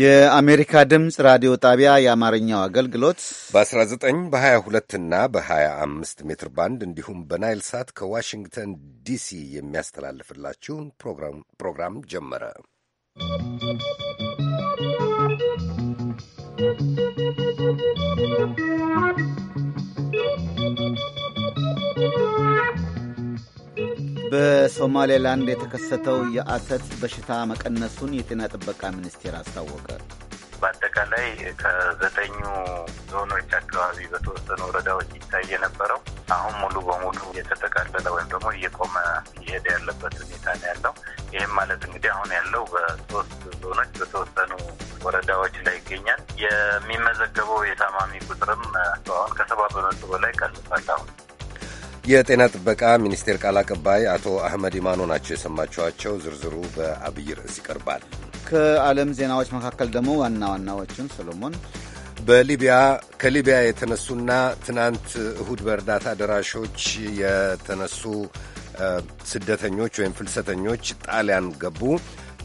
የአሜሪካ ድምፅ ራዲዮ ጣቢያ የአማርኛው አገልግሎት በ19 በ22 እና በ25 ሜትር ባንድ እንዲሁም በናይል ሳት ከዋሽንግተን ዲሲ የሚያስተላልፍላችሁን ፕሮግራም ጀመረ። በሶማሌላንድ የተከሰተው የአተት በሽታ መቀነሱን የጤና ጥበቃ ሚኒስቴር አስታወቀ። በአጠቃላይ ከዘጠኙ ዞኖች አካባቢ በተወሰኑ ወረዳዎች ይታይ የነበረው አሁን ሙሉ በሙሉ እየተጠቃለለ ወይም ደግሞ እየቆመ እየሄደ ያለበት ሁኔታ ነው ያለው። ይህም ማለት እንግዲህ አሁን ያለው በሶስት ዞኖች በተወሰኑ ወረዳዎች ላይ ይገኛል። የሚመዘገበው የታማሚ ቁጥርም አሁን ከሰባ በመቶ በላይ ቀንሷል አሁን የጤና ጥበቃ ሚኒስቴር ቃል አቀባይ አቶ አህመድ ኢማኖ ናቸው የሰማችኋቸው። ዝርዝሩ በአብይ ርዕስ ይቀርባል። ከዓለም ዜናዎች መካከል ደግሞ ዋና ዋናዎችን ሰሎሞን በሊቢያ ከሊቢያ የተነሱና ትናንት እሁድ በእርዳታ ደራሾች የተነሱ ስደተኞች ወይም ፍልሰተኞች ጣሊያን ገቡ።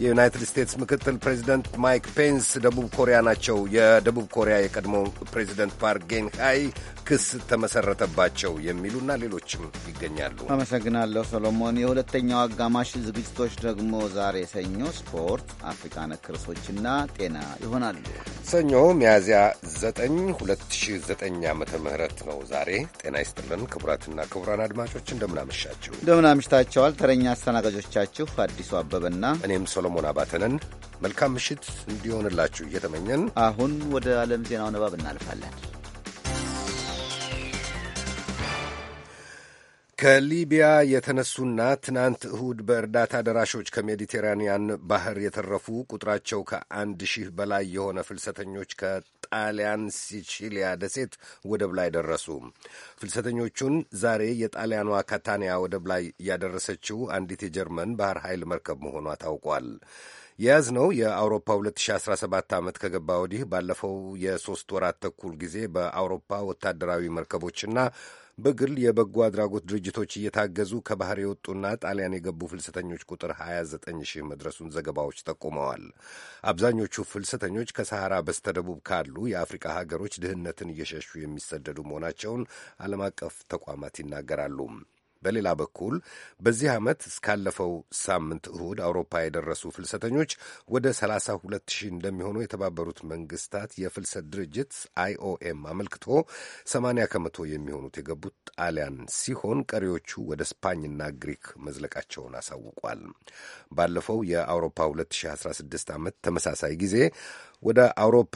የዩናይትድ ስቴትስ ምክትል ፕሬዚደንት ማይክ ፔንስ ደቡብ ኮሪያ ናቸው። የደቡብ ኮሪያ የቀድሞ ፕሬዚደንት ፓርክ ጌንሃይ ክስ ተመሰረተባቸው የሚሉና ሌሎችም ይገኛሉ። አመሰግናለሁ ሰሎሞን። የሁለተኛው አጋማሽ ዝግጅቶች ደግሞ ዛሬ ሰኞ ስፖርት፣ አፍሪካ ነክ ርዕሶችና ጤና ይሆናሉ። ሰኞ ሚያዝያ 9 2009 ዓ ም ነው ዛሬ። ጤና ይስጥልን ክቡራትና ክቡራን አድማጮች እንደምናመሻችሁ እንደምናምሽታቸዋል። ተረኛ አስተናጋጆቻችሁ አዲሱ አበበና እኔም ሰሎሞን አባተንን መልካም ምሽት እንዲሆንላችሁ እየተመኘን አሁን ወደ ዓለም ዜናው ንባብ እናልፋለን። ከሊቢያ የተነሱና ትናንት እሁድ በእርዳታ ደራሾች ከሜዲቴራንያን ባህር የተረፉ ቁጥራቸው ከአንድ ሺህ በላይ የሆነ ፍልሰተኞች ከጣሊያን ሲቺሊያ ደሴት ወደብ ላይ ደረሱ። ፍልሰተኞቹን ዛሬ የጣሊያኗ ካታንያ ወደብ ላይ ያደረሰችው አንዲት የጀርመን ባህር ኃይል መርከብ መሆኗ ታውቋል። የያዝነው የአውሮፓ 2017 ዓመት ከገባ ወዲህ ባለፈው የሦስት ወራት ተኩል ጊዜ በአውሮፓ ወታደራዊ መርከቦችና በግል የበጎ አድራጎት ድርጅቶች እየታገዙ ከባህር የወጡና ጣሊያን የገቡ ፍልሰተኞች ቁጥር 29 ሺህ መድረሱን ዘገባዎች ጠቁመዋል። አብዛኞቹ ፍልሰተኞች ከሰሐራ በስተደቡብ ካሉ የአፍሪካ ሀገሮች ድህነትን እየሸሹ የሚሰደዱ መሆናቸውን ዓለም አቀፍ ተቋማት ይናገራሉ። በሌላ በኩል በዚህ ዓመት እስካለፈው ሳምንት እሁድ አውሮፓ የደረሱ ፍልሰተኞች ወደ 32 ሺህ እንደሚሆኑ የተባበሩት መንግስታት የፍልሰት ድርጅት አይኦኤም አመልክቶ 80 ከመቶ የሚሆኑት የገቡት ጣሊያን ሲሆን ቀሪዎቹ ወደ ስፓኝና ግሪክ መዝለቃቸውን አሳውቋል። ባለፈው የአውሮፓ 2016 ዓመት ተመሳሳይ ጊዜ ወደ አውሮፓ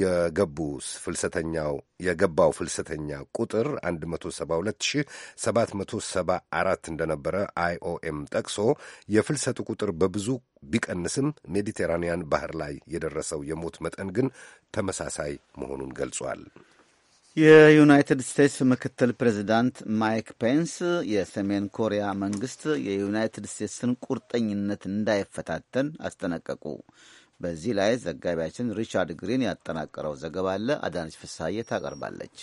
የገቡ ፍልሰተኛው የገባው ፍልሰተኛ ቁጥር 172774 እንደነበረ አይኦኤም ጠቅሶ የፍልሰቱ ቁጥር በብዙ ቢቀንስም ሜዲቴራንያን ባህር ላይ የደረሰው የሞት መጠን ግን ተመሳሳይ መሆኑን ገልጿል። የዩናይትድ ስቴትስ ምክትል ፕሬዚዳንት ማይክ ፔንስ የሰሜን ኮሪያ መንግስት የዩናይትድ ስቴትስን ቁርጠኝነት እንዳይፈታተን አስጠነቀቁ። በዚህ ላይ ዘጋቢያችን ሪቻርድ ግሪን ያጠናቀረው ዘገባ አለ። አዳነች ፍሳዬ ታቀርባለች።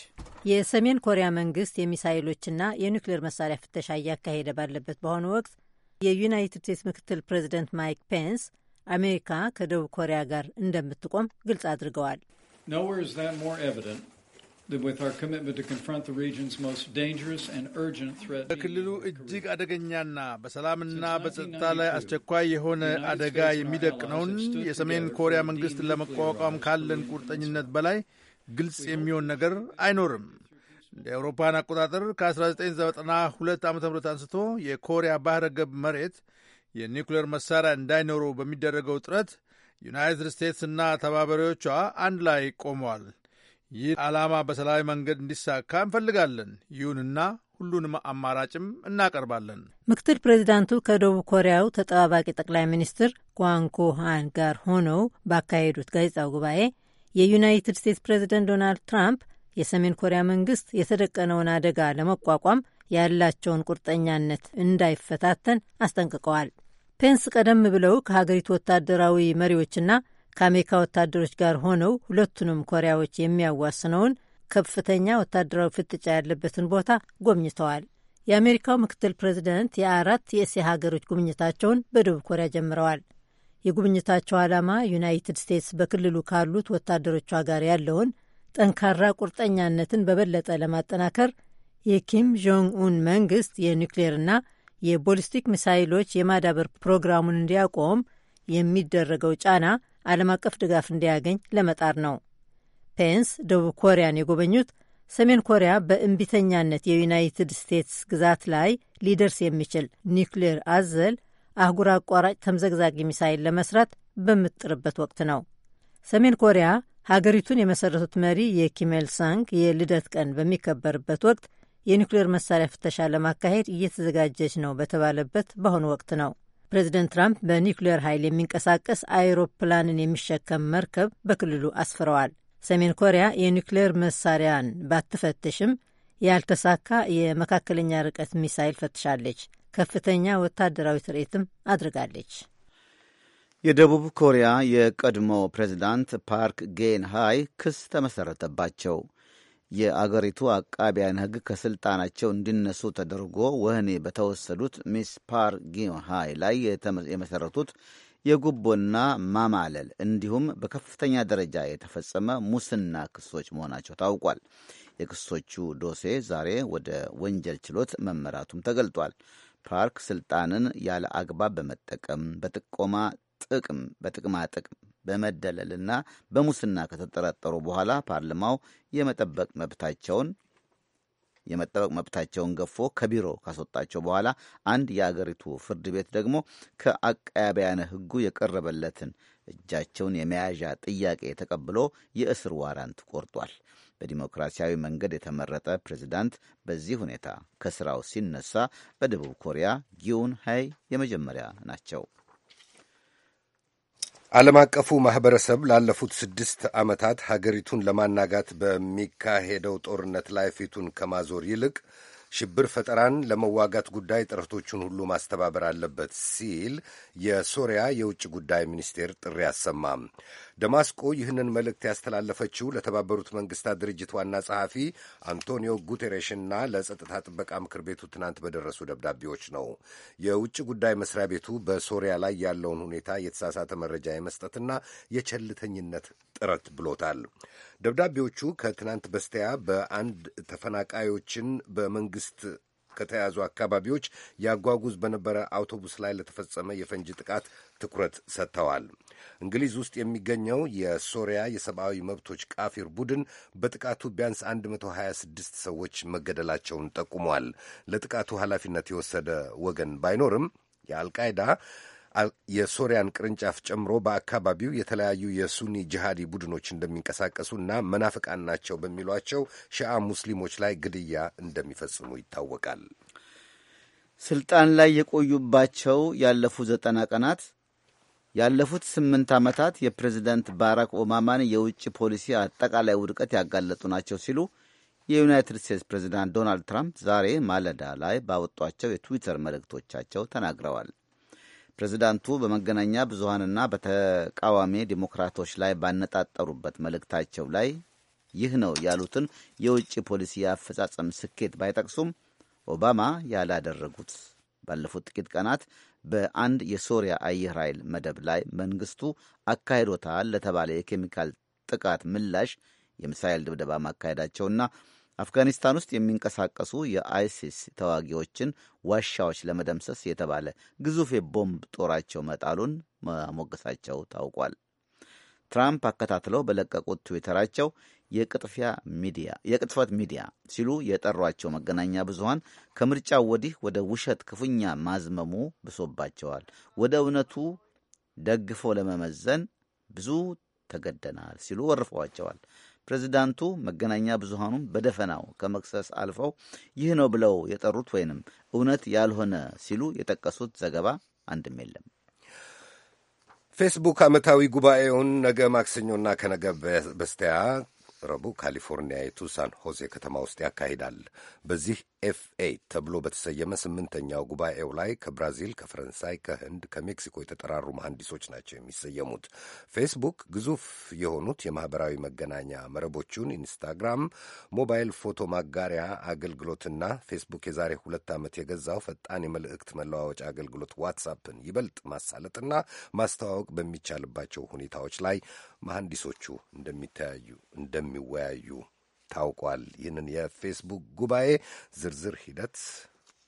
የሰሜን ኮሪያ መንግስት የሚሳይሎችና የኒውክሌር መሳሪያ ፍተሻ እያካሄደ ባለበት በአሁኑ ወቅት የዩናይትድ ስቴትስ ምክትል ፕሬዚደንት ማይክ ፔንስ አሜሪካ ከደቡብ ኮሪያ ጋር እንደምትቆም ግልጽ አድርገዋል። በክልሉ እጅግ አደገኛና በሰላምና በጸጥታ ላይ አስቸኳይ የሆነ አደጋ የሚደቅነውን የሰሜን ኮሪያ መንግሥት ለመቋቋም ካለን ቁርጠኝነት በላይ ግልጽ የሚሆን ነገር አይኖርም። እንደ አውሮፓን አቆጣጠር ከ1992 ዓ ም አንስቶ የኮሪያ ባህረ ገብ መሬት የኒውክሌር መሳሪያ እንዳይኖረው በሚደረገው ጥረት ዩናይትድ ስቴትስና ተባባሪዎቿ አንድ ላይ ቆመዋል። ይህ ዓላማ በሰላማዊ መንገድ እንዲሳካ እንፈልጋለን። ይሁንና ሁሉንም አማራጭም እናቀርባለን። ምክትል ፕሬዚዳንቱ ከደቡብ ኮሪያው ተጠባባቂ ጠቅላይ ሚኒስትር ሃን ጋር ሆነው ባካሄዱት ጋዜጣው ጉባኤ የዩናይትድ ስቴትስ ፕሬዚደንት ዶናልድ ትራምፕ የሰሜን ኮሪያ መንግስት የተደቀነውን አደጋ ለመቋቋም ያላቸውን ቁርጠኛነት እንዳይፈታተን አስጠንቅቀዋል። ፔንስ ቀደም ብለው ከሀገሪቱ ወታደራዊ መሪዎችና ከአሜሪካ ወታደሮች ጋር ሆነው ሁለቱንም ኮሪያዎች የሚያዋስነውን ከፍተኛ ወታደራዊ ፍጥጫ ያለበትን ቦታ ጎብኝተዋል። የአሜሪካው ምክትል ፕሬዚደንት የአራት የእስያ ሀገሮች ጉብኝታቸውን በደቡብ ኮሪያ ጀምረዋል። የጉብኝታቸው ዓላማ ዩናይትድ ስቴትስ በክልሉ ካሉት ወታደሮቿ ጋር ያለውን ጠንካራ ቁርጠኛነትን በበለጠ ለማጠናከር የኪም ጆንግ ኡን መንግስት የኒውክሌርና የቦሊስቲክ ሚሳይሎች የማዳበር ፕሮግራሙን እንዲያቆም የሚደረገው ጫና ዓለም አቀፍ ድጋፍ እንዲያገኝ ለመጣር ነው። ፔንስ ደቡብ ኮሪያን የጎበኙት ሰሜን ኮሪያ በእምቢተኛነት የዩናይትድ ስቴትስ ግዛት ላይ ሊደርስ የሚችል ኒውክሌር አዘል አህጉር አቋራጭ ተምዘግዛጊ ሚሳይል ለመስራት በምትጥርበት ወቅት ነው። ሰሜን ኮሪያ ሀገሪቱን የመሰረቱት መሪ የኪሜል ሳንግ የልደት ቀን በሚከበርበት ወቅት የኒውክሌር መሳሪያ ፍተሻ ለማካሄድ እየተዘጋጀች ነው በተባለበት በአሁኑ ወቅት ነው። ፕሬዚደንት ትራምፕ በኒውክሌር ኃይል የሚንቀሳቀስ አይሮፕላንን የሚሸከም መርከብ በክልሉ አስፍረዋል። ሰሜን ኮሪያ የኒውክሌር መሳሪያን ባትፈትሽም ያልተሳካ የመካከለኛ ርቀት ሚሳይል ፈትሻለች። ከፍተኛ ወታደራዊ ትርኢትም አድርጋለች። የደቡብ ኮሪያ የቀድሞ ፕሬዚዳንት ፓርክ ጌን ሃይ ክስ ተመሠረተባቸው። የአገሪቱ አቃቢያን ሕግ ከስልጣናቸው እንዲነሱ ተደርጎ ወህኒ በተወሰዱት ሚስ ፓር ጊንሃይ ላይ የመሠረቱት የጉቦና ማማለል እንዲሁም በከፍተኛ ደረጃ የተፈጸመ ሙስና ክሶች መሆናቸው ታውቋል። የክሶቹ ዶሴ ዛሬ ወደ ወንጀል ችሎት መመራቱም ተገልጧል። ፓርክ ስልጣንን ያለ አግባብ በመጠቀም በጥቆማ ጥቅም በጥቅማ ጥቅም በመደለልና በሙስና ከተጠረጠሩ በኋላ ፓርላማው የመጠበቅ መብታቸውን የመጠበቅ መብታቸውን ገፎ ከቢሮ ካስወጣቸው በኋላ አንድ የአገሪቱ ፍርድ ቤት ደግሞ ከአቃቢያነ ሕጉ የቀረበለትን እጃቸውን የመያዣ ጥያቄ ተቀብሎ የእስር ዋራንት ቆርጧል። በዲሞክራሲያዊ መንገድ የተመረጠ ፕሬዚዳንት በዚህ ሁኔታ ከስራው ሲነሳ በደቡብ ኮሪያ ጊውን ሃይ የመጀመሪያ ናቸው። ዓለም አቀፉ ማኅበረሰብ ላለፉት ስድስት ዓመታት ሀገሪቱን ለማናጋት በሚካሄደው ጦርነት ላይ ፊቱን ከማዞር ይልቅ ሽብር ፈጠራን ለመዋጋት ጉዳይ ጥረቶቹን ሁሉ ማስተባበር አለበት ሲል የሶሪያ የውጭ ጉዳይ ሚኒስቴር ጥሪ አሰማ። ደማስቆ ይህንን መልእክት ያስተላለፈችው ለተባበሩት መንግስታት ድርጅት ዋና ጸሐፊ አንቶኒዮ ጉቴሬሽና ለጸጥታ ጥበቃ ምክር ቤቱ ትናንት በደረሱ ደብዳቤዎች ነው። የውጭ ጉዳይ መስሪያ ቤቱ በሶሪያ ላይ ያለውን ሁኔታ የተሳሳተ መረጃ የመስጠትና የቸልተኝነት ጥረት ብሎታል። ደብዳቤዎቹ ከትናንት በስቲያ በአንድ ተፈናቃዮችን በመንግስት ከተያዙ አካባቢዎች ያጓጉዝ በነበረ አውቶቡስ ላይ ለተፈጸመ የፈንጂ ጥቃት ትኩረት ሰጥተዋል። እንግሊዝ ውስጥ የሚገኘው የሶሪያ የሰብአዊ መብቶች ቃፊር ቡድን በጥቃቱ ቢያንስ 126 ሰዎች መገደላቸውን ጠቁሟል። ለጥቃቱ ኃላፊነት የወሰደ ወገን ባይኖርም የአልቃይዳ የሶሪያን ቅርንጫፍ ጨምሮ በአካባቢው የተለያዩ የሱኒ ጅሃዲ ቡድኖች እንደሚንቀሳቀሱና መናፍቃን ናቸው በሚሏቸው ሺአ ሙስሊሞች ላይ ግድያ እንደሚፈጽሙ ይታወቃል። ስልጣን ላይ የቆዩባቸው ያለፉ ዘጠና ቀናት ያለፉት ስምንት ዓመታት የፕሬዝደንት ባራክ ኦባማን የውጭ ፖሊሲ አጠቃላይ ውድቀት ያጋለጡ ናቸው ሲሉ የዩናይትድ ስቴትስ ፕሬዝዳንት ዶናልድ ትራምፕ ዛሬ ማለዳ ላይ ባወጧቸው የትዊተር መልእክቶቻቸው ተናግረዋል። ፕሬዚዳንቱ በመገናኛ ብዙሀንና በተቃዋሚ ዲሞክራቶች ላይ ባነጣጠሩበት መልእክታቸው ላይ ይህ ነው ያሉትን የውጭ ፖሊሲ የአፈጻጸም ስኬት ባይጠቅሱም ኦባማ ያላደረጉት ባለፉት ጥቂት ቀናት በአንድ የሶሪያ አየር ኃይል መደብ ላይ መንግስቱ አካሂዶታል ለተባለ የኬሚካል ጥቃት ምላሽ የሚሳይል ድብደባ ማካሄዳቸውና አፍጋኒስታን ውስጥ የሚንቀሳቀሱ የአይሲስ ተዋጊዎችን ዋሻዎች ለመደምሰስ የተባለ ግዙፍ የቦምብ ጦራቸው መጣሉን ማሞገሳቸው ታውቋል። ትራምፕ አከታትለው በለቀቁት ትዊተራቸው የቅጥፊያ ሚዲያ የቅጥፈት ሚዲያ ሲሉ የጠሯቸው መገናኛ ብዙኃን ከምርጫው ወዲህ ወደ ውሸት ክፉኛ ማዝመሙ ብሶባቸዋል። ወደ እውነቱ ደግፎ ለመመዘን ብዙ ተገደናል ሲሉ ወርፈዋቸዋል። ፕሬዚዳንቱ መገናኛ ብዙሃኑን በደፈናው ከመክሰስ አልፈው ይህ ነው ብለው የጠሩት ወይንም እውነት ያልሆነ ሲሉ የጠቀሱት ዘገባ አንድም የለም። ፌስቡክ ዓመታዊ ጉባኤውን ነገ ማክሰኞና ከነገ በስቲያ ረቡዕ ካሊፎርኒያዊቱ ሳን ሆዜ ከተማ ውስጥ ያካሂዳል። በዚህ ኤፍኤ ተብሎ በተሰየመ ስምንተኛው ጉባኤው ላይ ከብራዚል፣ ከፈረንሳይ፣ ከህንድ፣ ከሜክሲኮ የተጠራሩ መሐንዲሶች ናቸው የሚሰየሙት። ፌስቡክ ግዙፍ የሆኑት የማኅበራዊ መገናኛ መረቦቹን ኢንስታግራም፣ ሞባይል ፎቶ ማጋሪያ አገልግሎትና ፌስቡክ የዛሬ ሁለት ዓመት የገዛው ፈጣን የመልእክት መለዋወጫ አገልግሎት ዋትሳፕን ይበልጥ ማሳለጥና ማስተዋወቅ በሚቻልባቸው ሁኔታዎች ላይ መሐንዲሶቹ እንደሚተያዩ እንደሚወያዩ ታውቋል። ይህንን የፌስቡክ ጉባኤ ዝርዝር ሂደት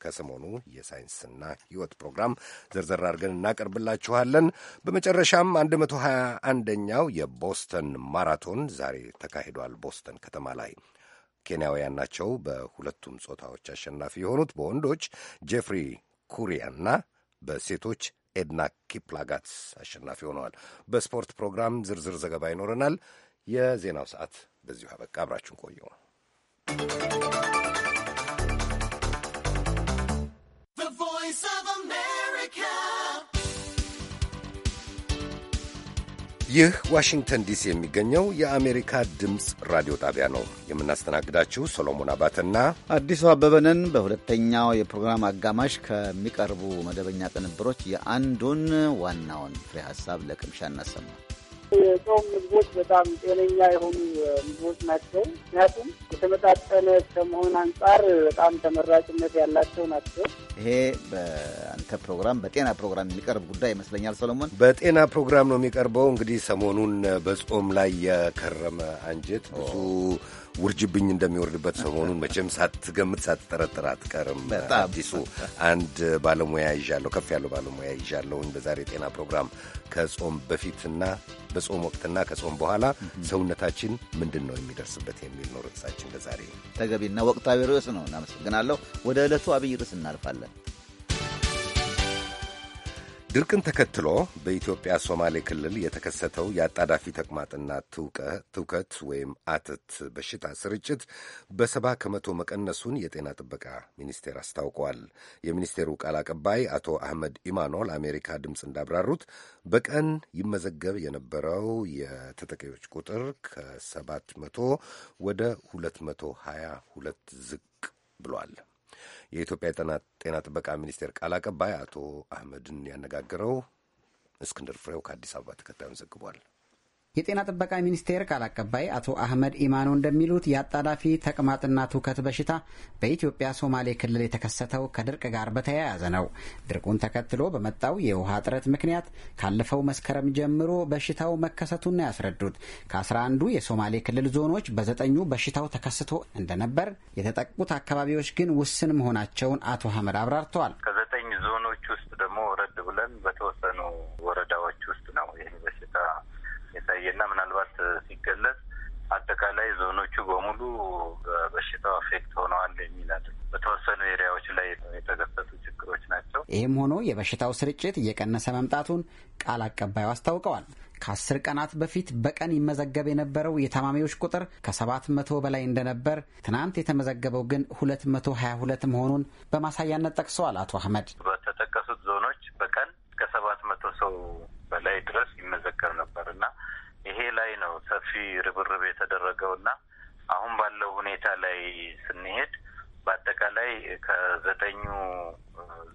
ከሰሞኑ የሳይንስና ሕይወት ፕሮግራም ዘርዘር አድርገን እናቀርብላችኋለን። በመጨረሻም 121ኛው የቦስተን ማራቶን ዛሬ ተካሂዷል። ቦስተን ከተማ ላይ ኬንያውያን ናቸው በሁለቱም ጾታዎች አሸናፊ የሆኑት በወንዶች ጄፍሪ ኩሪያና በሴቶች ኤድና ኪፕላጋት አሸናፊ ሆነዋል። በስፖርት ፕሮግራም ዝርዝር ዘገባ ይኖረናል። የዜናው ሰዓት በዚሁ አበቃ። አብራችሁን ቆዩ። ይህ ዋሽንግተን ዲሲ የሚገኘው የአሜሪካ ድምፅ ራዲዮ ጣቢያ ነው። የምናስተናግዳችሁ ሶሎሞን አባተና አዲሱ አበበንን በሁለተኛው የፕሮግራም አጋማሽ ከሚቀርቡ መደበኛ ቅንብሮች የአንዱን ዋናውን ፍሬ ሀሳብ ለቅምሻ እናሰማል። የጾም ምግቦች በጣም ጤነኛ የሆኑ ምግቦች ናቸው። ምክንያቱም የተመጣጠነ ከመሆን አንጻር በጣም ተመራጭነት ያላቸው ናቸው። ይሄ በአንተ ፕሮግራም በጤና ፕሮግራም የሚቀርብ ጉዳይ ይመስለኛል ሰለሞን። በጤና ፕሮግራም ነው የሚቀርበው። እንግዲህ ሰሞኑን በጾም ላይ የከረመ አንጀት ብዙ ውርጅብኝ እንደሚወርድበት ሰሞኑን መቼም ሳትገምት ሳትጠረጥር አትቀርም። አዲሱ አንድ ባለሙያ ይዣለሁ፣ ከፍ ያለው ባለሙያ ይዣለሁኝ በዛሬ ጤና ፕሮግራም ከጾም በፊትና በጾም ወቅትና ከጾም በኋላ ሰውነታችን ምንድን ነው የሚደርስበት የሚል ነው ርዕሳችን ለዛሬ። ተገቢና ወቅታዊ ርዕስ ነው። እናመሰግናለሁ። ወደ ዕለቱ አብይ ርዕስ እናልፋለን። ድርቅን ተከትሎ በኢትዮጵያ ሶማሌ ክልል የተከሰተው የአጣዳፊ ተቅማጥና ትውከት ወይም አተት በሽታ ስርጭት በሰባ ከመቶ መቀነሱን የጤና ጥበቃ ሚኒስቴር አስታውቀዋል። የሚኒስቴሩ ቃል አቀባይ አቶ አህመድ ኢማኖ ለአሜሪካ ድምፅ እንዳብራሩት በቀን ይመዘገብ የነበረው የተጠቂዎች ቁጥር ከሰባት መቶ ወደ ሁለት መቶ ሀያ ሁለት ዝቅ ብሏል። የኢትዮጵያ ጤና ጥበቃ ሚኒስቴር ቃል አቀባይ አቶ አህመድን ያነጋገረው እስክንድር ፍሬው ከአዲስ አበባ ተከታዩን ዘግቧል። የጤና ጥበቃ ሚኒስቴር ቃል አቀባይ አቶ አህመድ ኢማኖ እንደሚሉት የአጣዳፊ ተቅማጥና ትውከት በሽታ በኢትዮጵያ ሶማሌ ክልል የተከሰተው ከድርቅ ጋር በተያያዘ ነው። ድርቁን ተከትሎ በመጣው የውሃ እጥረት ምክንያት ካለፈው መስከረም ጀምሮ በሽታው መከሰቱን ያስረዱት ያስረዱት። ከአስራ አንዱ የሶማሌ ክልል ዞኖች በዘጠኙ በሽታው ተከስቶ እንደነበር፣ የተጠቁት አካባቢዎች ግን ውስን መሆናቸውን አቶ አህመድ አብራርተዋል። ከዘጠኝ ዞኖች ውስጥ ደግሞ ረድ ብለን በተወሰኑ የሚለየና ምናልባት ሲገለጽ አጠቃላይ ዞኖቹ በሙሉ በበሽታው አፌክት ሆነዋል የሚል አለ። በተወሰኑ ኤሪያዎች ላይ የተከሰቱ ችግሮች ናቸው። ይህም ሆኖ የበሽታው ስርጭት እየቀነሰ መምጣቱን ቃል አቀባዩ አስታውቀዋል። ከአስር ቀናት በፊት በቀን ይመዘገብ የነበረው የታማሚዎች ቁጥር ከሰባት መቶ በላይ እንደነበር ትናንት የተመዘገበው ግን ሁለት መቶ ሀያ ሁለት መሆኑን በማሳያነት ጠቅሰዋል አቶ አህመድ ሰፊ ርብርብ የተደረገው እና አሁን ባለው ሁኔታ ላይ ስንሄድ በአጠቃላይ ከዘጠኙ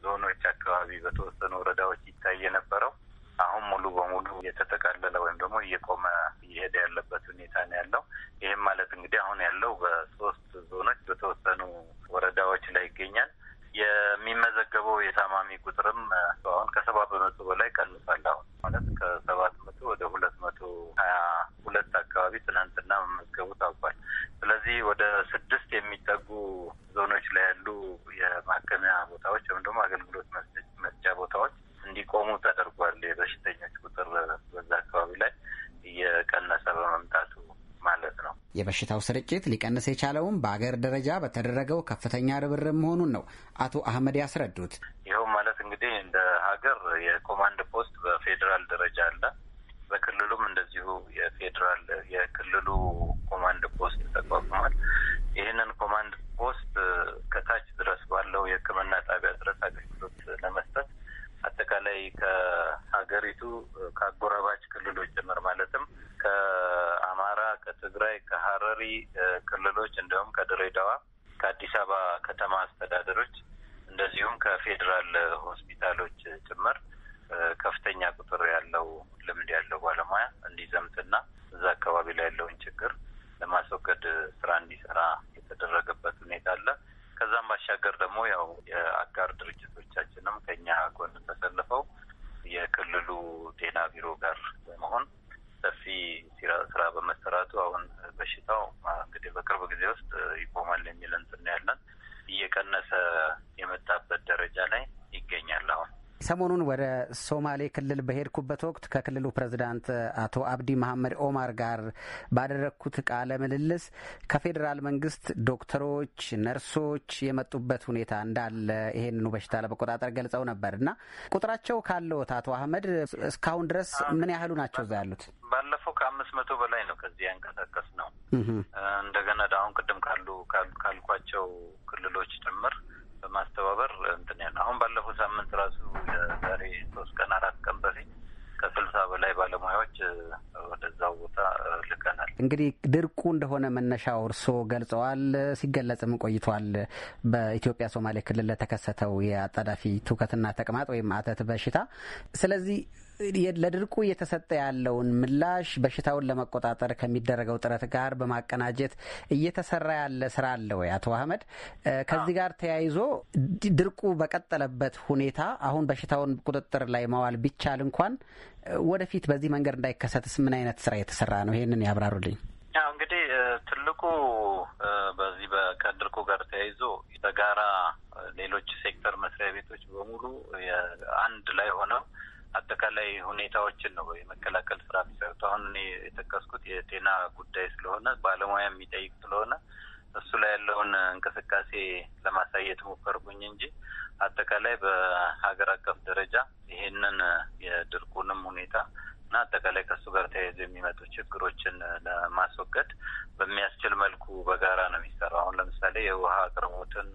ዞኖች አካባቢ በተወሰኑ ወረዳዎች ይታይ የነበረው አሁን ሙሉ በሙሉ እየተጠቃለለ ወይም ደግሞ እየቆመ እየሄደ ያለበት ሁኔታ ነው ያለው። ይህም ማለት እንግዲህ አሁን ያለው በሶስት ዞኖች በተወሰኑ ወረዳዎች ላይ ይገኛል። የሚመዘገበው የታማሚ ቁጥርም አሁን ከሰባ በመቶ በላይ ቀንሷል። አሁን ማለት ከሰባት መቶ ወደ ሁለት መቶ ሀያ ሁለት አካባቢ ትናንትና መመዝገቡ ታውቋል። ስለዚህ ወደ ስድስት የሚጠጉ ዞኖች ላይ ያሉ የማከሚያ ቦታዎች ወይም ደግሞ አገልግሎት መስጫ ቦታዎች እንዲቆሙ ተደርጓል። የበሽተኞች ቁጥር በዛ አካባቢ ላይ እየቀነሰ በመምጣቱ ማለት ነው። የበሽታው ስርጭት ሊቀንስ የቻለውም በአገር ደረጃ በተደረገው ከፍተኛ ርብርብ መሆኑን ነው አቶ አህመድ ያስረዱት። ይኸው ማለት እንግዲህ እንደ ሀገር የኮማንድ ፖስት በፌዴራል ደረጃ አለ። በክልሉም እንደዚሁ የፌዴራል የክልሉ ኮማንድ ፖስት ተቋቁሟል። ይህንን ኮማንድ ፖስት ከታች ድረስ ባለው የሕክምና ጣቢያ ድረስ አገልግሎት ለመስጠት አጠቃላይ ከሀገሪቱ ከአጎራባች ክልሎች ጭምር ማለትም ከአማራ፣ ከትግራይ፣ ከሀረሪ ክልሎች እንዲሁም ከድሬዳዋ፣ ከአዲስ አበባ ከተማ አስተዳደሮች እንደዚሁም ከፌዴራል ሆስፒታሎች ጭምር ከፍተኛ ቁጥር ያለው ልምድ ያለው ባለሙያ እንዲዘምትና እዛ አካባቢ ላይ ያለውን ችግር ለማስወገድ ስራ እንዲሰራ የተደረገበት ሁኔታ አለ። ከዛም ባሻገር ደግሞ ያው የአጋር ድርጅቶቻችንም ከኛ ጎን ተሰልፈው የክልሉ ጤና ቢሮ ጋር በመሆን ሰፊ ስራ በመሰራቱ አሁን በሽታው እንግዲህ በቅርብ ጊዜ ውስጥ ይቆማል የሚል እንትን ያለን እየቀነሰ ሰሞኑን ወደ ሶማሌ ክልል በሄድኩበት ወቅት ከክልሉ ፕሬዚዳንት አቶ አብዲ መሐመድ ኦማር ጋር ባደረግኩት ቃለ ምልልስ ከፌዴራል መንግስት ዶክተሮች፣ ነርሶች የመጡበት ሁኔታ እንዳለ ይሄንኑ በሽታ ለመቆጣጠር ገልጸው ነበር እና ቁጥራቸው ካለዎት አቶ አህመድ እስካሁን ድረስ ምን ያህሉ ናቸው እዛ ያሉት? ባለፈው ከአምስት መቶ በላይ ነው ከዚህ ያንቀሳቀስ ነው እንደገና አሁን ቅድም ካሉ ካልኳቸው ክልሎች ጭምር በማስተባበር እንትን ያለ አሁን ባለፈው ሳምንት ራሱ የዛሬ ሶስት ቀን አራት ቀን በፊት ከስልሳ በላይ ባለሙያዎች ወደዛው ቦታ ልከናል። እንግዲህ ድርቁ እንደሆነ መነሻው እርስዎ ገልጸዋል፣ ሲገለጽም ቆይቷል። በኢትዮጵያ ሶማሌ ክልል ለተከሰተው የአጣዳፊ ትውከትና ተቅማጥ ወይም አተት በሽታ ስለዚህ ለድርቁ እየተሰጠ ያለውን ምላሽ በሽታውን ለመቆጣጠር ከሚደረገው ጥረት ጋር በማቀናጀት እየተሰራ ያለ ስራ አለ ወይ? አቶ አህመድ፣ ከዚህ ጋር ተያይዞ ድርቁ በቀጠለበት ሁኔታ አሁን በሽታውን ቁጥጥር ላይ መዋል ቢቻል እንኳን ወደፊት በዚህ መንገድ እንዳይከሰትስ ምን አይነት ስራ የተሰራ ነው? ይህንን ያብራሩልኝ። ያው እንግዲህ ትልቁ በዚህ ከድርቁ ጋር ተያይዞ በጋራ ሌሎች ሴክተር መስሪያ ቤቶች በሙሉ አንድ ላይ ሆነው አጠቃላይ ሁኔታዎችን ነው የመከላከል ስራ የሚሰሩት። አሁን እኔ የጠቀስኩት የጤና ጉዳይ ስለሆነ ባለሙያ የሚጠይቅ ስለሆነ እሱ ላይ ያለውን እንቅስቃሴ ለማሳየት ሞከርኩኝ እንጂ አጠቃላይ በሀገር አቀፍ ደረጃ ይሄንን የድርቁንም ሁኔታ እና አጠቃላይ ከሱ ጋር ተያይዞ የሚመጡ ችግሮችን ለማስወገድ በሚያስችል መልኩ በጋራ ነው የሚሰራው። አሁን ለምሳሌ የውሃ አቅርቦትን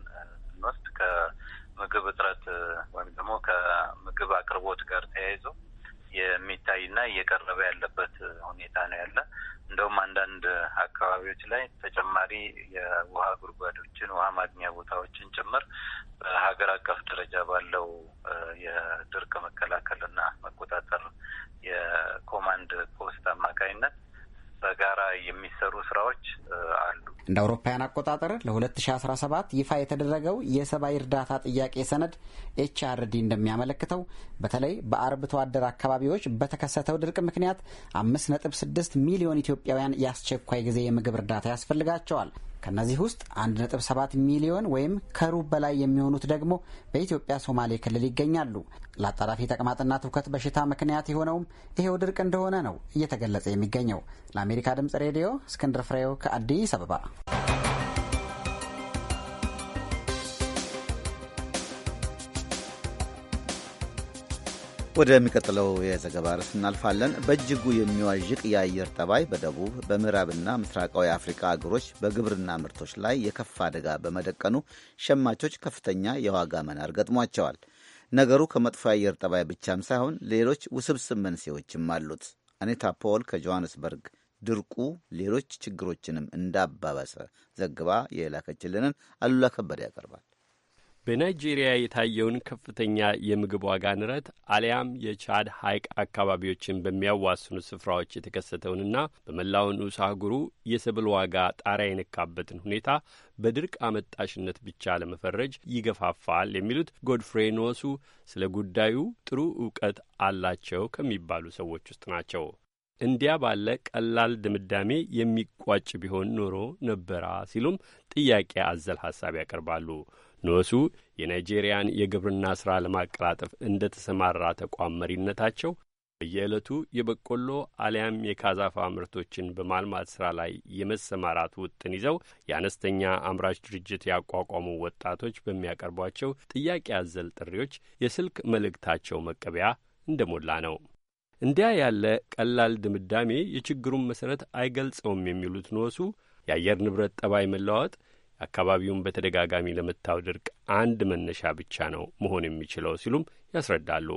2017 ይፋ የተደረገው የሰብአዊ እርዳታ ጥያቄ ሰነድ ኤችአርዲ እንደሚያመለክተው በተለይ በአርብቶ አደር አካባቢዎች በተከሰተው ድርቅ ምክንያት 5.6 ሚሊዮን ኢትዮጵያውያን የአስቸኳይ ጊዜ የምግብ እርዳታ ያስፈልጋቸዋል። ከእነዚህ ውስጥ 1.7 ሚሊዮን ወይም ከሩብ በላይ የሚሆኑት ደግሞ በኢትዮጵያ ሶማሌ ክልል ይገኛሉ። ለአጣዳፊ ተቅማጥና ትውከት በሽታ ምክንያት የሆነውም ይሄው ድርቅ እንደሆነ ነው እየተገለጸ የሚገኘው። ለአሜሪካ ድምፅ ሬዲዮ እስክንድር ፍሬው ከአዲስ አበባ ወደሚቀጥለው የዘገባ ርዕስ እናልፋለን። በእጅጉ የሚዋዥቅ የአየር ጠባይ በደቡብ በምዕራብና ምስራቃዊ አፍሪካ አገሮች በግብርና ምርቶች ላይ የከፋ አደጋ በመደቀኑ ሸማቾች ከፍተኛ የዋጋ መናር ገጥሟቸዋል። ነገሩ ከመጥፎ የአየር ጠባይ ብቻም ሳይሆን ሌሎች ውስብስብ መንስኤዎችም አሉት። አኔታ ፖል ከጆሃንስበርግ ድርቁ ሌሎች ችግሮችንም እንዳባበሰ ዘግባ የላከችልንን አሉላ ከበደ ያቀርባል። በናይጄሪያ የታየውን ከፍተኛ የምግብ ዋጋ ንረት አሊያም የቻድ ሐይቅ አካባቢዎችን በሚያዋስኑ ስፍራዎች የተከሰተውንና በመላው ንዑስ አህጉሩ የሰብል ዋጋ ጣሪያ የነካበትን ሁኔታ በድርቅ አመጣሽነት ብቻ ለመፈረጅ ይገፋፋል የሚሉት ጎድፍሬ ንወሱ ስለ ጉዳዩ ጥሩ እውቀት አላቸው ከሚባሉ ሰዎች ውስጥ ናቸው። እንዲያ ባለ ቀላል ድምዳሜ የሚቋጭ ቢሆን ኖሮ ነበራ ሲሉም ጥያቄ አዘል ሀሳብ ያቀርባሉ። ንወሱ የናይጄሪያን የግብርና ሥራ ለማቀላጠፍ እንደ ተሰማራ ተቋም መሪነታቸው በየዕለቱ የበቆሎ አሊያም የካዛፋ ምርቶችን በማልማት ሥራ ላይ የመሰማራት ውጥን ይዘው የአነስተኛ አምራች ድርጅት ያቋቋሙ ወጣቶች በሚያቀርቧቸው ጥያቄ አዘል ጥሪዎች የስልክ መልእክታቸው መቀበያ እንደሞላ ነው። እንዲያ ያለ ቀላል ድምዳሜ የችግሩን መሠረት አይገልጸውም የሚሉት ንወሱ የአየር ንብረት ጠባይ መለዋወጥ አካባቢውን በተደጋጋሚ ለመታው ድርቅ አንድ መነሻ ብቻ ነው መሆን የሚችለው ሲሉም ያስረዳሉ።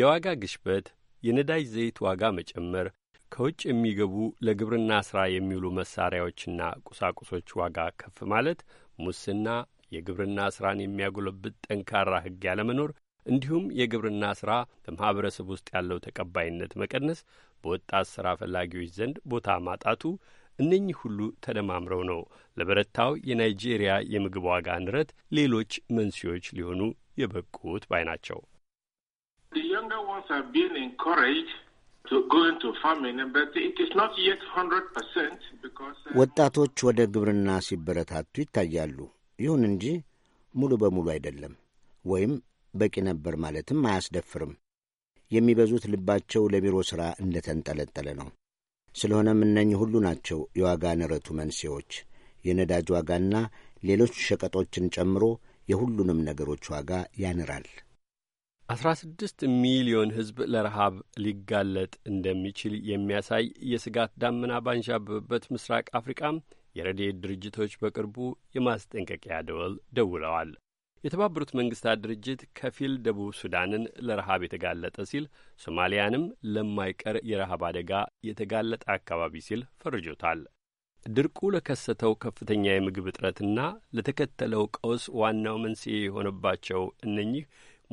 የዋጋ ግሽበት፣ የነዳጅ ዘይት ዋጋ መጨመር፣ ከውጭ የሚገቡ ለግብርና ሥራ የሚውሉ መሳሪያዎችና ቁሳቁሶች ዋጋ ከፍ ማለት፣ ሙስና፣ የግብርና ሥራን የሚያጎለብት ጠንካራ ሕግ ያለመኖር እንዲሁም የግብርና ሥራ በማህበረሰብ ውስጥ ያለው ተቀባይነት መቀነስ፣ በወጣት ሥራ ፈላጊዎች ዘንድ ቦታ ማጣቱ እነኚህ ሁሉ ተደማምረው ነው ለበረታው የናይጄሪያ የምግብ ዋጋ ንረት ሌሎች መንስኤዎች ሊሆኑ የበቁት ባይ ናቸው። uh, ወጣቶች ወደ ግብርና ሲበረታቱ ይታያሉ። ይሁን እንጂ ሙሉ በሙሉ አይደለም፣ ወይም በቂ ነበር ማለትም አያስደፍርም። የሚበዙት ልባቸው ለቢሮ ሥራ እንደተንጠለጠለ ነው። ስለሆነም እነኚህ ሁሉ ናቸው የዋጋ ንረቱ መንስኤዎች። የነዳጅ ዋጋና ሌሎች ሸቀጦችን ጨምሮ የሁሉንም ነገሮች ዋጋ ያንራል። አስራ ስድስት ሚሊዮን ሕዝብ ለረሃብ ሊጋለጥ እንደሚችል የሚያሳይ የስጋት ዳመና ባንዣበበበት ምስራቅ አፍሪቃም የረድኤት ድርጅቶች በቅርቡ የማስጠንቀቂያ ደወል ደውለዋል። የተባበሩት መንግስታት ድርጅት ከፊል ደቡብ ሱዳንን ለረሃብ የተጋለጠ ሲል ሶማሊያንም ለማይቀር የረሃብ አደጋ የተጋለጠ አካባቢ ሲል ፈርጆታል። ድርቁ ለከሰተው ከፍተኛ የምግብ እጥረትና ለተከተለው ቀውስ ዋናው መንስኤ የሆነባቸው እነኚህ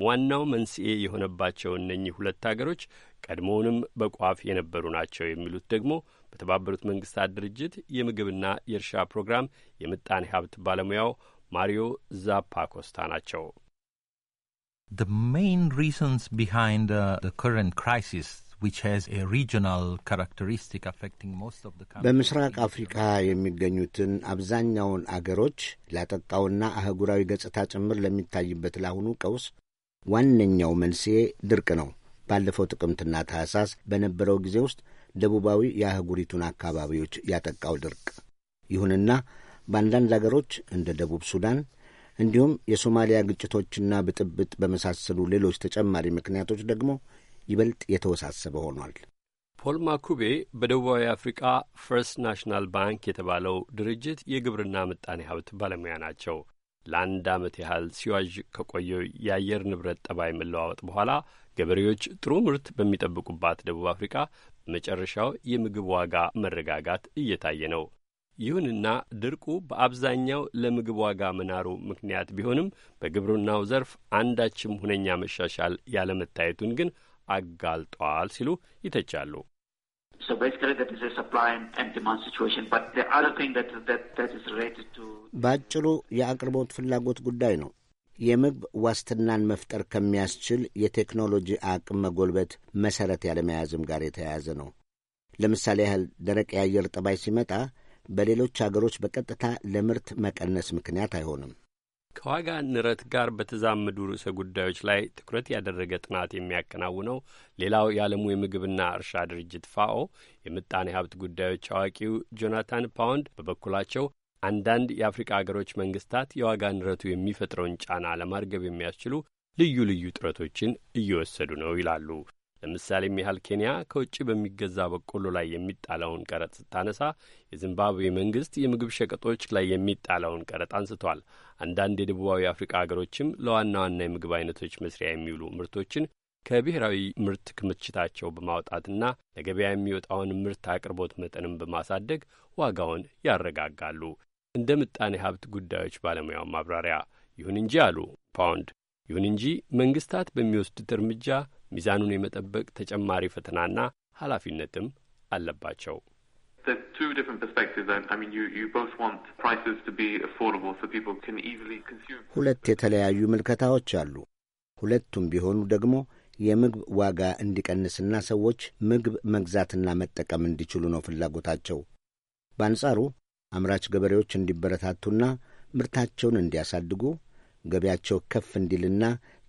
ዋናው መንስኤ የሆነባቸው እነኚህ ሁለት አገሮች ቀድሞውንም በቋፍ የነበሩ ናቸው የሚሉት ደግሞ በተባበሩት መንግስታት ድርጅት የምግብና የእርሻ ፕሮግራም የምጣኔ ሀብት ባለሙያው ማሪዮ ዛፓኮስታ ናቸው። The main reasons behind uh, the current crisis በምስራቅ አፍሪካ የሚገኙትን አብዛኛውን አገሮች ላጠቃውና አህጉራዊ ገጽታ ጭምር ለሚታይበት ለአሁኑ ቀውስ ዋነኛው መንስኤ ድርቅ ነው። ባለፈው ጥቅምትና ታህሳስ በነበረው ጊዜ ውስጥ ደቡባዊ የአህጉሪቱን አካባቢዎች ያጠቃው ድርቅ። ይሁንና በአንዳንድ አገሮች እንደ ደቡብ ሱዳን እንዲሁም የሶማሊያ ግጭቶችና ብጥብጥ በመሳሰሉ ሌሎች ተጨማሪ ምክንያቶች ደግሞ ይበልጥ የተወሳሰበ ሆኗል። ፖል ማኩቤ በደቡባዊ አፍሪቃ ፈርስት ናሽናል ባንክ የተባለው ድርጅት የግብርና ምጣኔ ሀብት ባለሙያ ናቸው። ለአንድ ዓመት ያህል ሲዋዥ ከቆየው የአየር ንብረት ጠባይ መለዋወጥ በኋላ ገበሬዎች ጥሩ ምርት በሚጠብቁባት ደቡብ አፍሪካ መጨረሻው የምግብ ዋጋ መረጋጋት እየታየ ነው። ይሁንና ድርቁ በአብዛኛው ለምግብ ዋጋ መናሩ ምክንያት ቢሆንም በግብርናው ዘርፍ አንዳችም ሁነኛ መሻሻል ያለመታየቱን ግን አጋልጧል ሲሉ ይተቻሉ። በአጭሩ የአቅርቦት ፍላጎት ጉዳይ ነው። የምግብ ዋስትናን መፍጠር ከሚያስችል የቴክኖሎጂ አቅም መጎልበት መሰረት ያለመያዝም ጋር የተያያዘ ነው። ለምሳሌ ያህል ደረቅ የአየር ጠባይ ሲመጣ በሌሎች አገሮች በቀጥታ ለምርት መቀነስ ምክንያት አይሆንም። ከዋጋ ንረት ጋር በተዛመዱ ርዕሰ ጉዳዮች ላይ ትኩረት ያደረገ ጥናት የሚያከናውነው ሌላው የዓለሙ የምግብና እርሻ ድርጅት ፋኦ የምጣኔ ሀብት ጉዳዮች አዋቂው ጆናታን ፓውንድ በበኩላቸው አንዳንድ የአፍሪካ አገሮች መንግስታት የዋጋ ንረቱ የሚፈጥረውን ጫና ለማርገብ የሚያስችሉ ልዩ ልዩ ጥረቶችን እየወሰዱ ነው ይላሉ። ለምሳሌም ያህል ኬንያ ከውጭ በሚገዛ በቆሎ ላይ የሚጣለውን ቀረጥ ስታነሳ የዚምባብዌ መንግስት የምግብ ሸቀጦች ላይ የሚጣለውን ቀረጥ አንስቷል። አንዳንድ የደቡባዊ አፍሪካ አገሮችም ለዋና ዋና የምግብ አይነቶች መስሪያ የሚውሉ ምርቶችን ከብሔራዊ ምርት ክምችታቸው በማውጣትና ለገበያ የሚወጣውን ምርት አቅርቦት መጠንም በማሳደግ ዋጋውን ያረጋጋሉ። እንደ ምጣኔ ሀብት ጉዳዮች ባለሙያው ማብራሪያ ይሁን እንጂ አሉ ፓውንድ ይሁን እንጂ መንግስታት በሚወስዱት እርምጃ ሚዛኑን የመጠበቅ ተጨማሪ ፈተናና ኃላፊነትም አለባቸው። ሁለት የተለያዩ ምልከታዎች አሉ። ሁለቱም ቢሆኑ ደግሞ የምግብ ዋጋ እንዲቀንስና ሰዎች ምግብ መግዛትና መጠቀም እንዲችሉ ነው ፍላጎታቸው። በአንጻሩ አምራች ገበሬዎች እንዲበረታቱና ምርታቸውን እንዲያሳድጉ ገቢያቸው ከፍ እንዲልና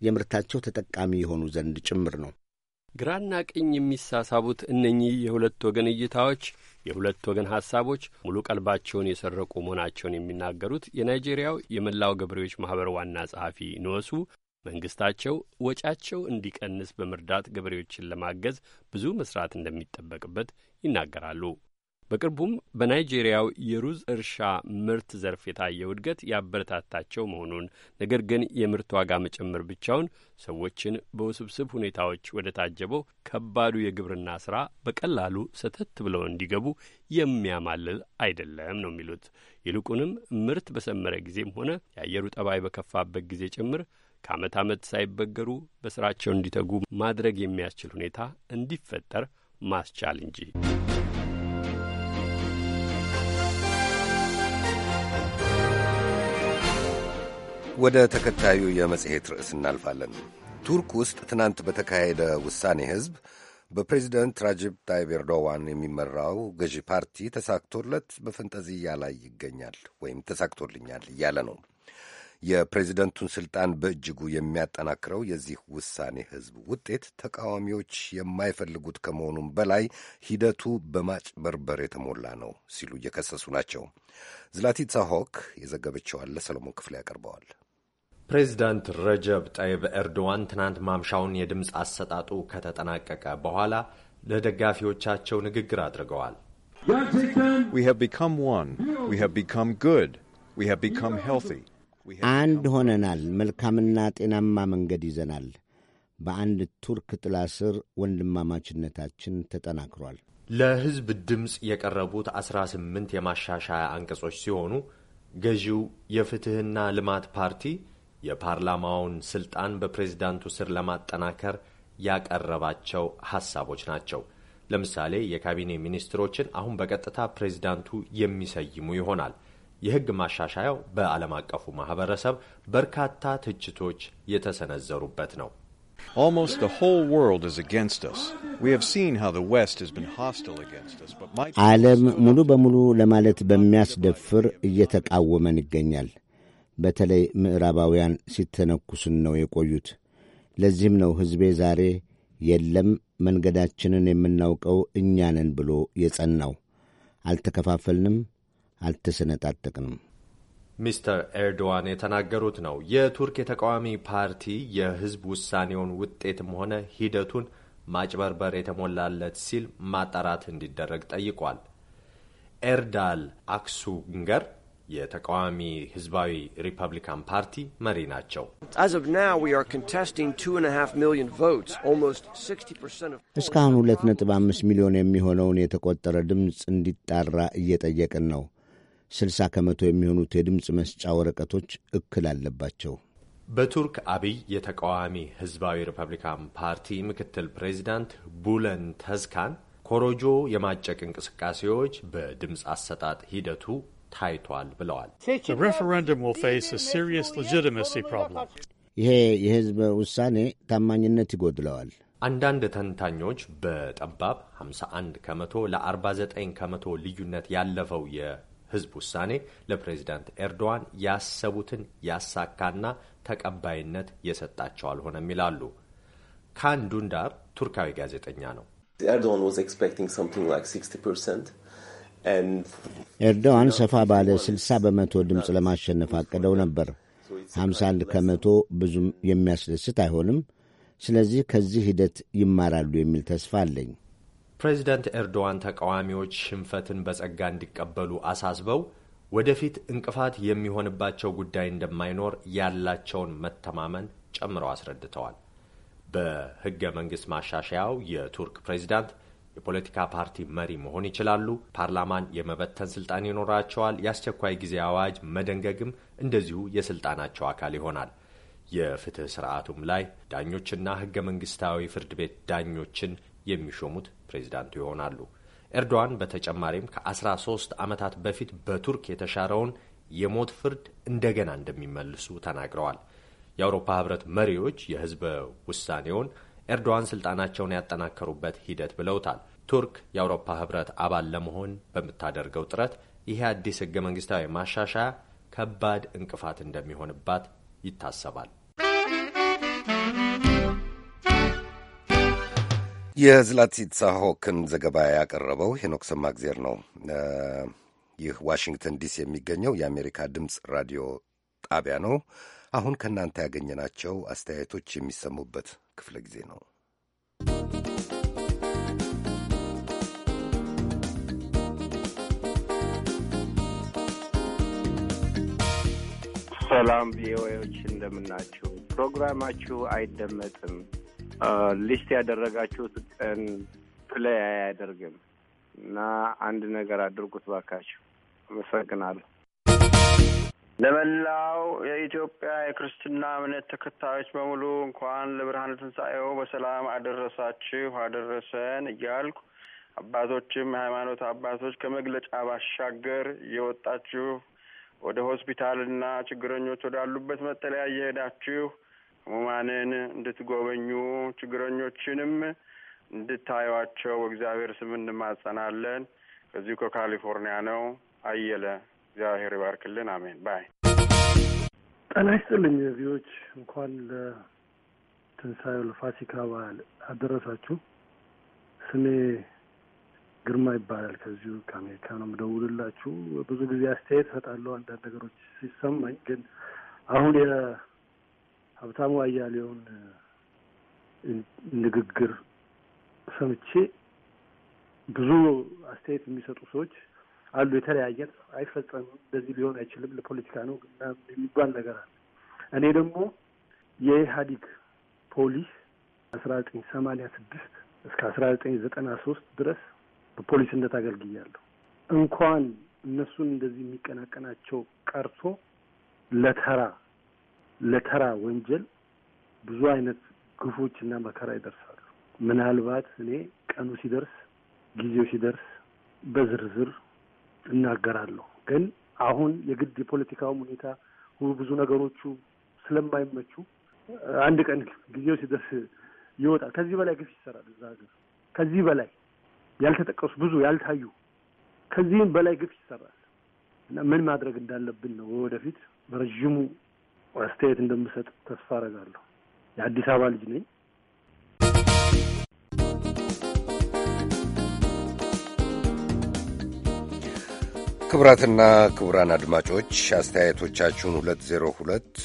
የምርታቸው ተጠቃሚ የሆኑ ዘንድ ጭምር ነው። ግራና ቀኝ የሚሳሳቡት እነኚህ የሁለት ወገን እይታዎች፣ የሁለት ወገን ሀሳቦች ሙሉ ቀልባቸውን የሰረቁ መሆናቸውን የሚናገሩት የናይጄሪያው የመላው ገበሬዎች ማኅበር ዋና ጸሐፊ ንወሱ መንግስታቸው ወጪያቸው እንዲቀንስ በመርዳት ገበሬዎችን ለማገዝ ብዙ መስራት እንደሚጠበቅበት ይናገራሉ። በቅርቡም በናይጄሪያው የሩዝ እርሻ ምርት ዘርፍ የታየው እድገት ያበረታታቸው መሆኑን ነገር ግን የምርት ዋጋ መጨመር ብቻውን ሰዎችን በውስብስብ ሁኔታዎች ወደ ታጀበው ከባዱ የግብርና ስራ በቀላሉ ሰተት ብለው እንዲገቡ የሚያማልል አይደለም ነው የሚሉት። ይልቁንም ምርት በሰመረ ጊዜም ሆነ የአየሩ ጠባይ በከፋበት ጊዜ ጭምር ከዓመት ዓመት ሳይበገሩ በስራቸው እንዲተጉ ማድረግ የሚያስችል ሁኔታ እንዲፈጠር ማስቻል እንጂ ወደ ተከታዩ የመጽሔት ርዕስ እናልፋለን። ቱርክ ውስጥ ትናንት በተካሄደ ውሳኔ ህዝብ በፕሬዚደንት ራጅብ ታይብ ኤርዶዋን የሚመራው ገዢ ፓርቲ ተሳክቶለት በፈንጠዝያ ላይ ይገኛል ወይም ተሳክቶልኛል እያለ ነው። የፕሬዚደንቱን ስልጣን በእጅጉ የሚያጠናክረው የዚህ ውሳኔ ህዝብ ውጤት ተቃዋሚዎች የማይፈልጉት ከመሆኑም በላይ ሂደቱ በማጭበርበር የተሞላ ነው ሲሉ እየከሰሱ ናቸው። ዝላቲት ሳሆክ የዘገበችዋለ ሰለሞን ክፍሌ ያቀርበዋል። ፕሬዚዳንት ረጀብ ጠይብ ኤርዶዋን ትናንት ማምሻውን የድምፅ አሰጣጡ ከተጠናቀቀ በኋላ ለደጋፊዎቻቸው ንግግር አድርገዋል። አንድ ሆነናል፣ መልካምና ጤናማ መንገድ ይዘናል። በአንድ ቱርክ ጥላ ስር ወንድማማችነታችን ተጠናክሯል። ለሕዝብ ድምፅ የቀረቡት 18 የማሻሻያ አንቀጾች ሲሆኑ ገዢው የፍትሕና ልማት ፓርቲ የፓርላማውን ስልጣን በፕሬዝዳንቱ ስር ለማጠናከር ያቀረባቸው ሀሳቦች ናቸው። ለምሳሌ የካቢኔ ሚኒስትሮችን አሁን በቀጥታ ፕሬዝዳንቱ የሚሰይሙ ይሆናል። የሕግ ማሻሻያው በዓለም አቀፉ ማህበረሰብ በርካታ ትችቶች የተሰነዘሩበት ነው። ዓለም ሙሉ በሙሉ ለማለት በሚያስደፍር እየተቃወመን ይገኛል። በተለይ ምዕራባውያን ሲተነኩስን ነው የቆዩት። ለዚህም ነው ሕዝቤ ዛሬ የለም መንገዳችንን የምናውቀው እኛንን ብሎ የጸናው። አልተከፋፈልንም፣ አልተሰነጣጠቅንም። ሚስተር ኤርዶዋን የተናገሩት ነው። የቱርክ የተቃዋሚ ፓርቲ የሕዝብ ውሳኔውን ውጤትም ሆነ ሂደቱን ማጭበርበር የተሞላለት ሲል ማጣራት እንዲደረግ ጠይቋል። ኤርዳል አክሱንገር የተቃዋሚ ህዝባዊ ሪፐብሊካን ፓርቲ መሪ ናቸው። እስካሁን 2.5 ሚሊዮን የሚሆነውን የተቆጠረ ድምፅ እንዲጣራ እየጠየቅን ነው። 60 ከመቶ የሚሆኑት የድምፅ መስጫ ወረቀቶች እክል አለባቸው። በቱርክ አብይ የተቃዋሚ ህዝባዊ ሪፐብሊካን ፓርቲ ምክትል ፕሬዚዳንት ቡለን ተዝካን ኮሮጆ የማጨቅ እንቅስቃሴዎች በድምፅ አሰጣጥ ሂደቱ ታይቷል ብለዋል። ይሄ የህዝብ ውሳኔ ታማኝነት ይጎድለዋል። አንዳንድ ተንታኞች በጠባብ 51 ከመቶ ለ49 ከመቶ ልዩነት ያለፈው የህዝብ ውሳኔ ለፕሬዚዳንት ኤርዶዋን ያሰቡትን ያሳካና ተቀባይነት የሰጣቸው አልሆነም ይላሉ። ካንዱንዳር ቱርካዊ ጋዜጠኛ ነው። ኤርዶዋን ኤርዶዋን ሰፋ ባለ 60 በመቶ ድምፅ uh, ለማሸነፍ አቅደው ነበር። 51 ከመቶ ብዙም የሚያስደስት አይሆንም። ስለዚህ ከዚህ ሂደት ይማራሉ የሚል ተስፋ አለኝ። ፕሬዚደንት ኤርዶዋን ተቃዋሚዎች ሽንፈትን በጸጋ እንዲቀበሉ አሳስበው ወደፊት እንቅፋት የሚሆንባቸው ጉዳይ እንደማይኖር ያላቸውን መተማመን ጨምረው አስረድተዋል። በሕገ መንግሥት ማሻሻያው የቱርክ ፕሬዚዳንት የፖለቲካ ፓርቲ መሪ መሆን ይችላሉ። ፓርላማን የመበተን ስልጣን ይኖራቸዋል። የአስቸኳይ ጊዜ አዋጅ መደንገግም እንደዚሁ የስልጣናቸው አካል ይሆናል። የፍትህ ስርዓቱም ላይ ዳኞችና ህገ መንግስታዊ ፍርድ ቤት ዳኞችን የሚሾሙት ፕሬዚዳንቱ ይሆናሉ። ኤርዶዋን በተጨማሪም ከ13 ዓመታት በፊት በቱርክ የተሻረውን የሞት ፍርድ እንደገና እንደሚመልሱ ተናግረዋል። የአውሮፓ ህብረት መሪዎች የህዝበ ውሳኔውን ኤርዶዋን ስልጣናቸውን ያጠናከሩበት ሂደት ብለውታል። ቱርክ የአውሮፓ ህብረት አባል ለመሆን በምታደርገው ጥረት ይሄ አዲስ ህገ መንግስታዊ ማሻሻያ ከባድ እንቅፋት እንደሚሆንባት ይታሰባል። የዝላቲሳ ሳሆክን ዘገባ ያቀረበው ሄኖክ ሰማግዜር ነው። ይህ ዋሽንግተን ዲሲ የሚገኘው የአሜሪካ ድምፅ ራዲዮ ጣቢያ ነው። አሁን ከእናንተ ያገኘናቸው አስተያየቶች የሚሰሙበት ክፍለ ጊዜ ነው። ሰላም ቪኦኤዎች እንደምናችሁ። ፕሮግራማችሁ አይደመጥም፣ ሊስት ያደረጋችሁት ቀን ፕሌይ አያደርግም እና አንድ ነገር አድርጉት ባካችሁ። አመሰግናለሁ። ለመላው የኢትዮጵያ የክርስትና እምነት ተከታዮች በሙሉ እንኳን ለብርሃነ ትንሣኤው በሰላም አደረሳችሁ አደረሰን እያልኩ አባቶችም የሃይማኖት አባቶች ከመግለጫ ባሻገር እየወጣችሁ ወደ ሆስፒታልና ችግረኞች ወዳሉበት መጠለያ እየሄዳችሁ ህሙማንን እንድትጎበኙ ችግረኞችንም እንድታዩቸው በእግዚአብሔር ስም እንማጸናለን። ከዚሁ ከካሊፎርኒያ ነው አየለ እግዚአብሔር ይባርክልን። አሜን ባይ ጤና ይስጥልኝ። ቪዎች እንኳን ለትንሣኤው ለፋሲካ በዓል አደረሳችሁ። ስሜ ግርማ ይባላል። ከዚሁ ከአሜሪካ ነው የምደውልላችሁ። ብዙ ጊዜ አስተያየት እሰጣለሁ አንዳንድ ነገሮች ሲሰማኝ ግን አሁን የሀብታሙ አያሌውን ንግግር ሰምቼ ብዙ አስተያየት የሚሰጡ ሰዎች አሉ። የተለያየ አይፈጸምም፣ እንደዚህ ሊሆን አይችልም፣ ለፖለቲካ ነው የሚባል ነገር አለ። እኔ ደግሞ የኢህአዲግ ፖሊስ አስራ ዘጠኝ ሰማንያ ስድስት እስከ አስራ ዘጠኝ ዘጠና ሶስት ድረስ በፖሊስነት አገልግያለሁ። እንኳን እነሱን እንደዚህ የሚቀናቀናቸው ቀርቶ ለተራ ለተራ ወንጀል ብዙ አይነት ግፎች እና መከራ ይደርሳሉ። ምናልባት እኔ ቀኑ ሲደርስ ጊዜው ሲደርስ በዝርዝር እናገራለሁ። ግን አሁን የግድ የፖለቲካውም ሁኔታ ብዙ ነገሮቹ ስለማይመቹ አንድ ቀን ጊዜው ሲደርስ ይወጣል። ከዚህ በላይ ግፍ ይሰራል እዛ ሀገር። ከዚህ በላይ ያልተጠቀሱ ብዙ ያልታዩ ከዚህም በላይ ግፍ ይሰራል እና ምን ማድረግ እንዳለብን ነው ወደፊት በረዥሙ አስተያየት እንደምሰጥ ተስፋ አረጋለሁ። የአዲስ አበባ ልጅ ነኝ። ክቡራትና ክቡራን አድማጮች አስተያየቶቻችሁን 2029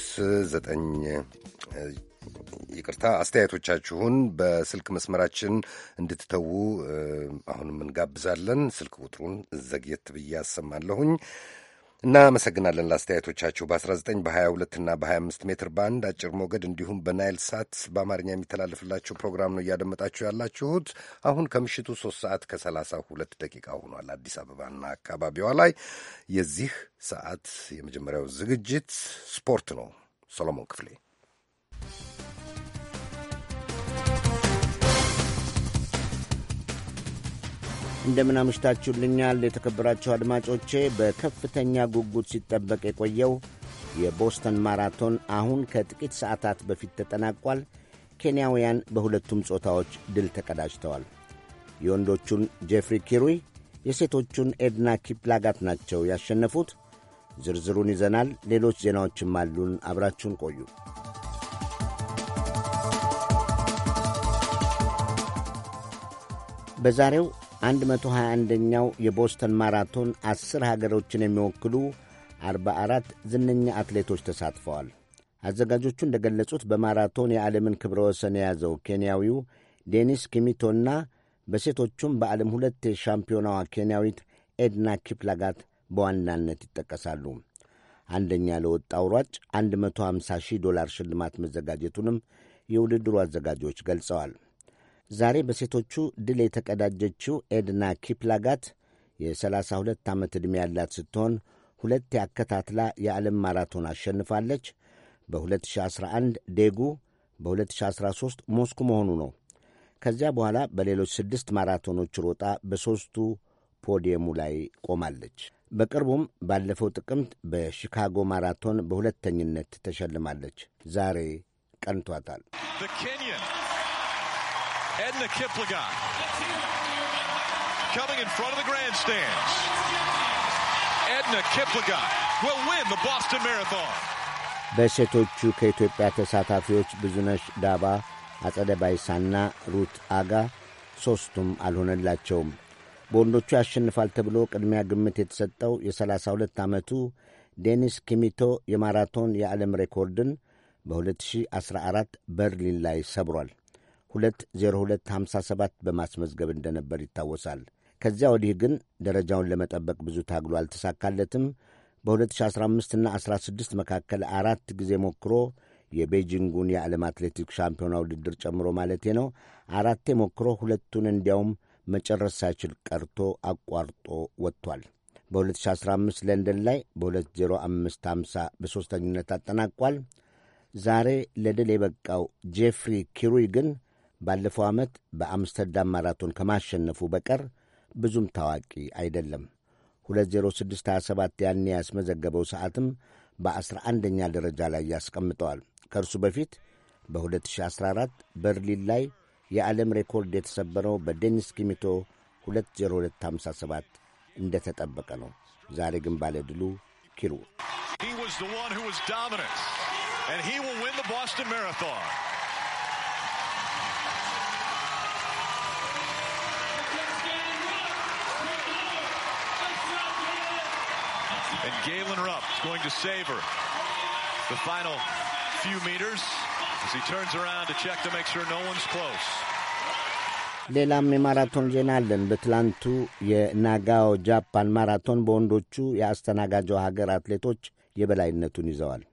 ይቅርታ አስተያየቶቻችሁን በስልክ መስመራችን እንድትተዉ አሁንም እንጋብዛለን። ስልክ ቁጥሩን ዘግየት ብዬ አሰማለሁኝ። እናመሰግናለን ለአስተያየቶቻችሁ። በ19 በ22 እና በ25 ሜትር ባንድ አጭር ሞገድ እንዲሁም በናይል ሳት በአማርኛ የሚተላለፍላችሁ ፕሮግራም ነው እያደመጣችሁ ያላችሁት። አሁን ከምሽቱ 3 ሰዓት ከ32 ደቂቃ ሆኗል። አዲስ አበባና አካባቢዋ ላይ የዚህ ሰዓት የመጀመሪያው ዝግጅት ስፖርት ነው። ሰሎሞን ክፍሌ እንደምን አምሽታችሁልኛል የተከበራችሁ አድማጮቼ። በከፍተኛ ጉጉት ሲጠበቅ የቆየው የቦስተን ማራቶን አሁን ከጥቂት ሰዓታት በፊት ተጠናቋል። ኬንያውያን በሁለቱም ጾታዎች ድል ተቀዳጅተዋል። የወንዶቹን ጄፍሪ ኪሩይ፣ የሴቶቹን ኤድና ኪፕላጋት ናቸው ያሸነፉት። ዝርዝሩን ይዘናል። ሌሎች ዜናዎችም አሉን። አብራችሁን ቆዩ። በዛሬው 121ኛው የቦስተን ማራቶን አስር ሀገሮችን የሚወክሉ 44 ዝነኛ አትሌቶች ተሳትፈዋል። አዘጋጆቹ እንደገለጹት በማራቶን የዓለምን ክብረ ወሰን የያዘው ኬንያዊው ዴኒስ ኪሚቶና በሴቶቹም በዓለም ሁለት የሻምፒዮናዋ ኬንያዊት ኤድና ኪፕላጋት በዋናነት ይጠቀሳሉ። አንደኛ ለወጣው ሯጭ 150 ሺህ ዶላር ሽልማት መዘጋጀቱንም የውድድሩ አዘጋጆች ገልጸዋል። ዛሬ በሴቶቹ ድል የተቀዳጀችው ኤድና ኪፕላጋት የ32 ዓመት ዕድሜ ያላት ስትሆን ሁለት ያከታትላ የዓለም ማራቶን አሸንፋለች። በ2011 ዴጉ፣ በ2013 ሞስኩ መሆኑ ነው። ከዚያ በኋላ በሌሎች ስድስት ማራቶኖች ሮጣ በሦስቱ ፖዲየሙ ላይ ቆማለች። በቅርቡም ባለፈው ጥቅምት በሺካጎ ማራቶን በሁለተኝነት ተሸልማለች። ዛሬ ቀንቷታል። Edna Kiplagat coming in front of the grandstands. Edna Kiplagat will win the Boston Marathon. በሴቶቹ ከኢትዮጵያ ተሳታፊዎች ብዙነሽ ዳባ፣ አጸደ ባይሳና ሩት አጋ ሦስቱም አልሆነላቸውም። በወንዶቹ ያሸንፋል ተብሎ ቅድሚያ ግምት የተሰጠው የ32 ዓመቱ ዴኒስ ኪሚቶ የማራቶን የዓለም ሬኮርድን በ2014 በርሊን ላይ ሰብሯል። 20257 በማስመዝገብ እንደነበር ይታወሳል። ከዚያ ወዲህ ግን ደረጃውን ለመጠበቅ ብዙ ታግሎ አልተሳካለትም። በ2015ና 16 መካከል አራት ጊዜ ሞክሮ የቤጂንጉን የዓለም አትሌቲክስ ሻምፒዮና ውድድር ጨምሮ ማለቴ ነው። አራቴ ሞክሮ ሁለቱን እንዲያውም መጨረስ ሳይችል ቀርቶ አቋርጦ ወጥቷል። በ2015 ለንደን ላይ በ20550 በሦስተኝነት አጠናቋል። ዛሬ ለድል የበቃው ጄፍሪ ኪሩይ ግን ባለፈው ዓመት በአምስተርዳም ማራቶን ከማሸነፉ በቀር ብዙም ታዋቂ አይደለም። 20627 ያኔ ያስመዘገበው ሰዓትም በ11ኛ ደረጃ ላይ ያስቀምጠዋል። ከእርሱ በፊት በ2014 በርሊን ላይ የዓለም ሬኮርድ የተሰበረው በዴኒስ ኪሚቶ 20257 እንደተጠበቀ ነው። ዛሬ ግን ባለድሉ ኪሩ And Galen Rupp is going to save her the final few meters as he turns around to check to make sure no one's close. ሌላም የማራቶን ዜና አለን። በትላንቱ የናጋዎ ጃፓን ማራቶን በወንዶቹ የአስተናጋጀው ሀገር አትሌቶች የበላይነቱን ይዘዋል።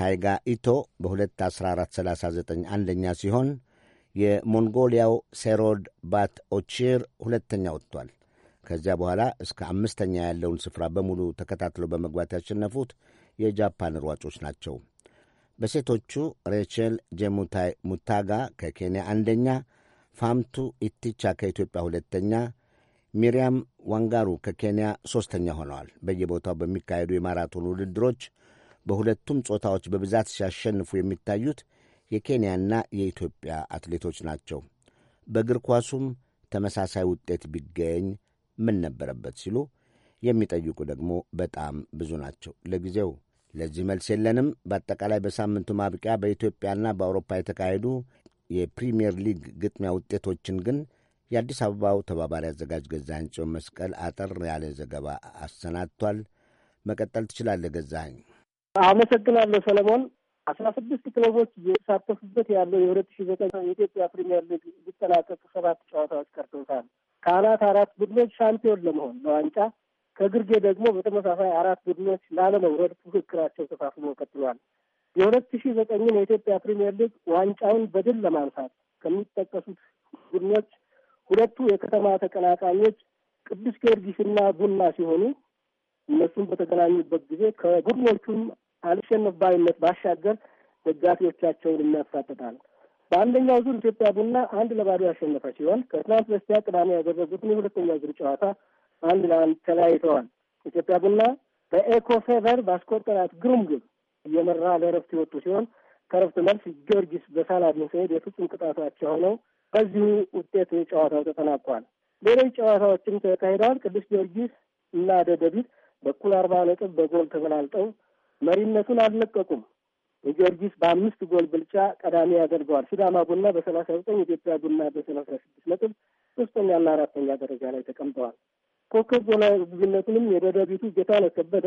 ታይጋ ኢቶ በ2:14:39 አንደኛ ሲሆን የሞንጎሊያው ሴሮድ ባት ኦቺር ሁለተኛ ወጥቷል። ከዚያ በኋላ እስከ አምስተኛ ያለውን ስፍራ በሙሉ ተከታትለው በመግባት ያሸነፉት የጃፓን ሯጮች ናቸው። በሴቶቹ ሬቸል ጄሙታይ ሙታጋ ከኬንያ አንደኛ፣ ፋምቱ ኢቲቻ ከኢትዮጵያ ሁለተኛ፣ ሚሪያም ዋንጋሩ ከኬንያ ሦስተኛ ሆነዋል። በየቦታው በሚካሄዱ የማራቶን ውድድሮች በሁለቱም ጾታዎች በብዛት ሲያሸንፉ የሚታዩት የኬንያና የኢትዮጵያ አትሌቶች ናቸው። በእግር ኳሱም ተመሳሳይ ውጤት ቢገኝ ምን ነበረበት ሲሉ የሚጠይቁ ደግሞ በጣም ብዙ ናቸው። ለጊዜው ለዚህ መልስ የለንም። በአጠቃላይ በሳምንቱ ማብቂያ በኢትዮጵያና በአውሮፓ የተካሄዱ የፕሪምየር ሊግ ግጥሚያ ውጤቶችን ግን የአዲስ አበባው ተባባሪ አዘጋጅ ገዛኸኝ ጽዮን መስቀል አጠር ያለ ዘገባ አሰናድቷል። መቀጠል ትችላለህ ገዛኸኝ። አመሰግናለሁ ሰለሞን። አስራ ስድስት ክለቦች የተሳተፉበት ያለው የሁለት ሺ ዘጠኝ የኢትዮጵያ ፕሪምየር ሊግ ሊጠናቀቅ ሰባት ጨዋታዎች ቀርተውታል። ከአናት አራት ቡድኖች ሻምፒዮን ለመሆን ለዋንጫ ከግርጌ ደግሞ በተመሳሳይ አራት ቡድኖች ላለመውረድ ፉክክራቸው ተፋፍሞ ቀጥሏል። የሁለት ሺህ ዘጠኝን የኢትዮጵያ ፕሪምየር ሊግ ዋንጫውን በድል ለማንሳት ከሚጠቀሱት ቡድኖች ሁለቱ የከተማ ተቀናቃኞች ቅዱስ ጊዮርጊስና ቡና ሲሆኑ እነሱም በተገናኙበት ጊዜ ከቡድኖቹም አልሸነፍ ባይነት ባሻገር ደጋፊዎቻቸውን የሚያፋጥጣል። በአንደኛው ዙር ኢትዮጵያ ቡና አንድ ለባዶ ያሸነፈ ሲሆን ከትናንት በስቲያ ቅዳሜ ያደረጉትን የሁለተኛ ዙር ጨዋታ አንድ ለአንድ ተለያይተዋል። ኢትዮጵያ ቡና በኤኮ ፌቨር ባስቆጠራት ግሩም ግብ እየመራ ለእረፍት የወጡ ሲሆን ከእረፍት መልስ ጊዮርጊስ በሳላዲን ሰሄድ የፍጹም ቅጣታቸው ሆነው በዚሁ ውጤት ጨዋታው ተጠናቋል። ሌሎች ጨዋታዎችም ተካሂደዋል። ቅዱስ ጊዮርጊስ እና ደደቢት በኩል አርባ ነጥብ በጎል ተበላልጠው መሪነቱን አልለቀቁም። የጊዮርጊስ በአምስት ጎል ብልጫ ቀዳሚ ያደርገዋል። ሲዳማ ቡና በሰላሳ ዘጠኝ ኢትዮጵያ ቡና በሰላሳ ስድስት ነጥብ ሶስተኛና አራተኛ ደረጃ ላይ ተቀምጠዋል። ኮከብ ጎላ አግቢነቱንም የደደቢቱ ጌታነህ ከበደ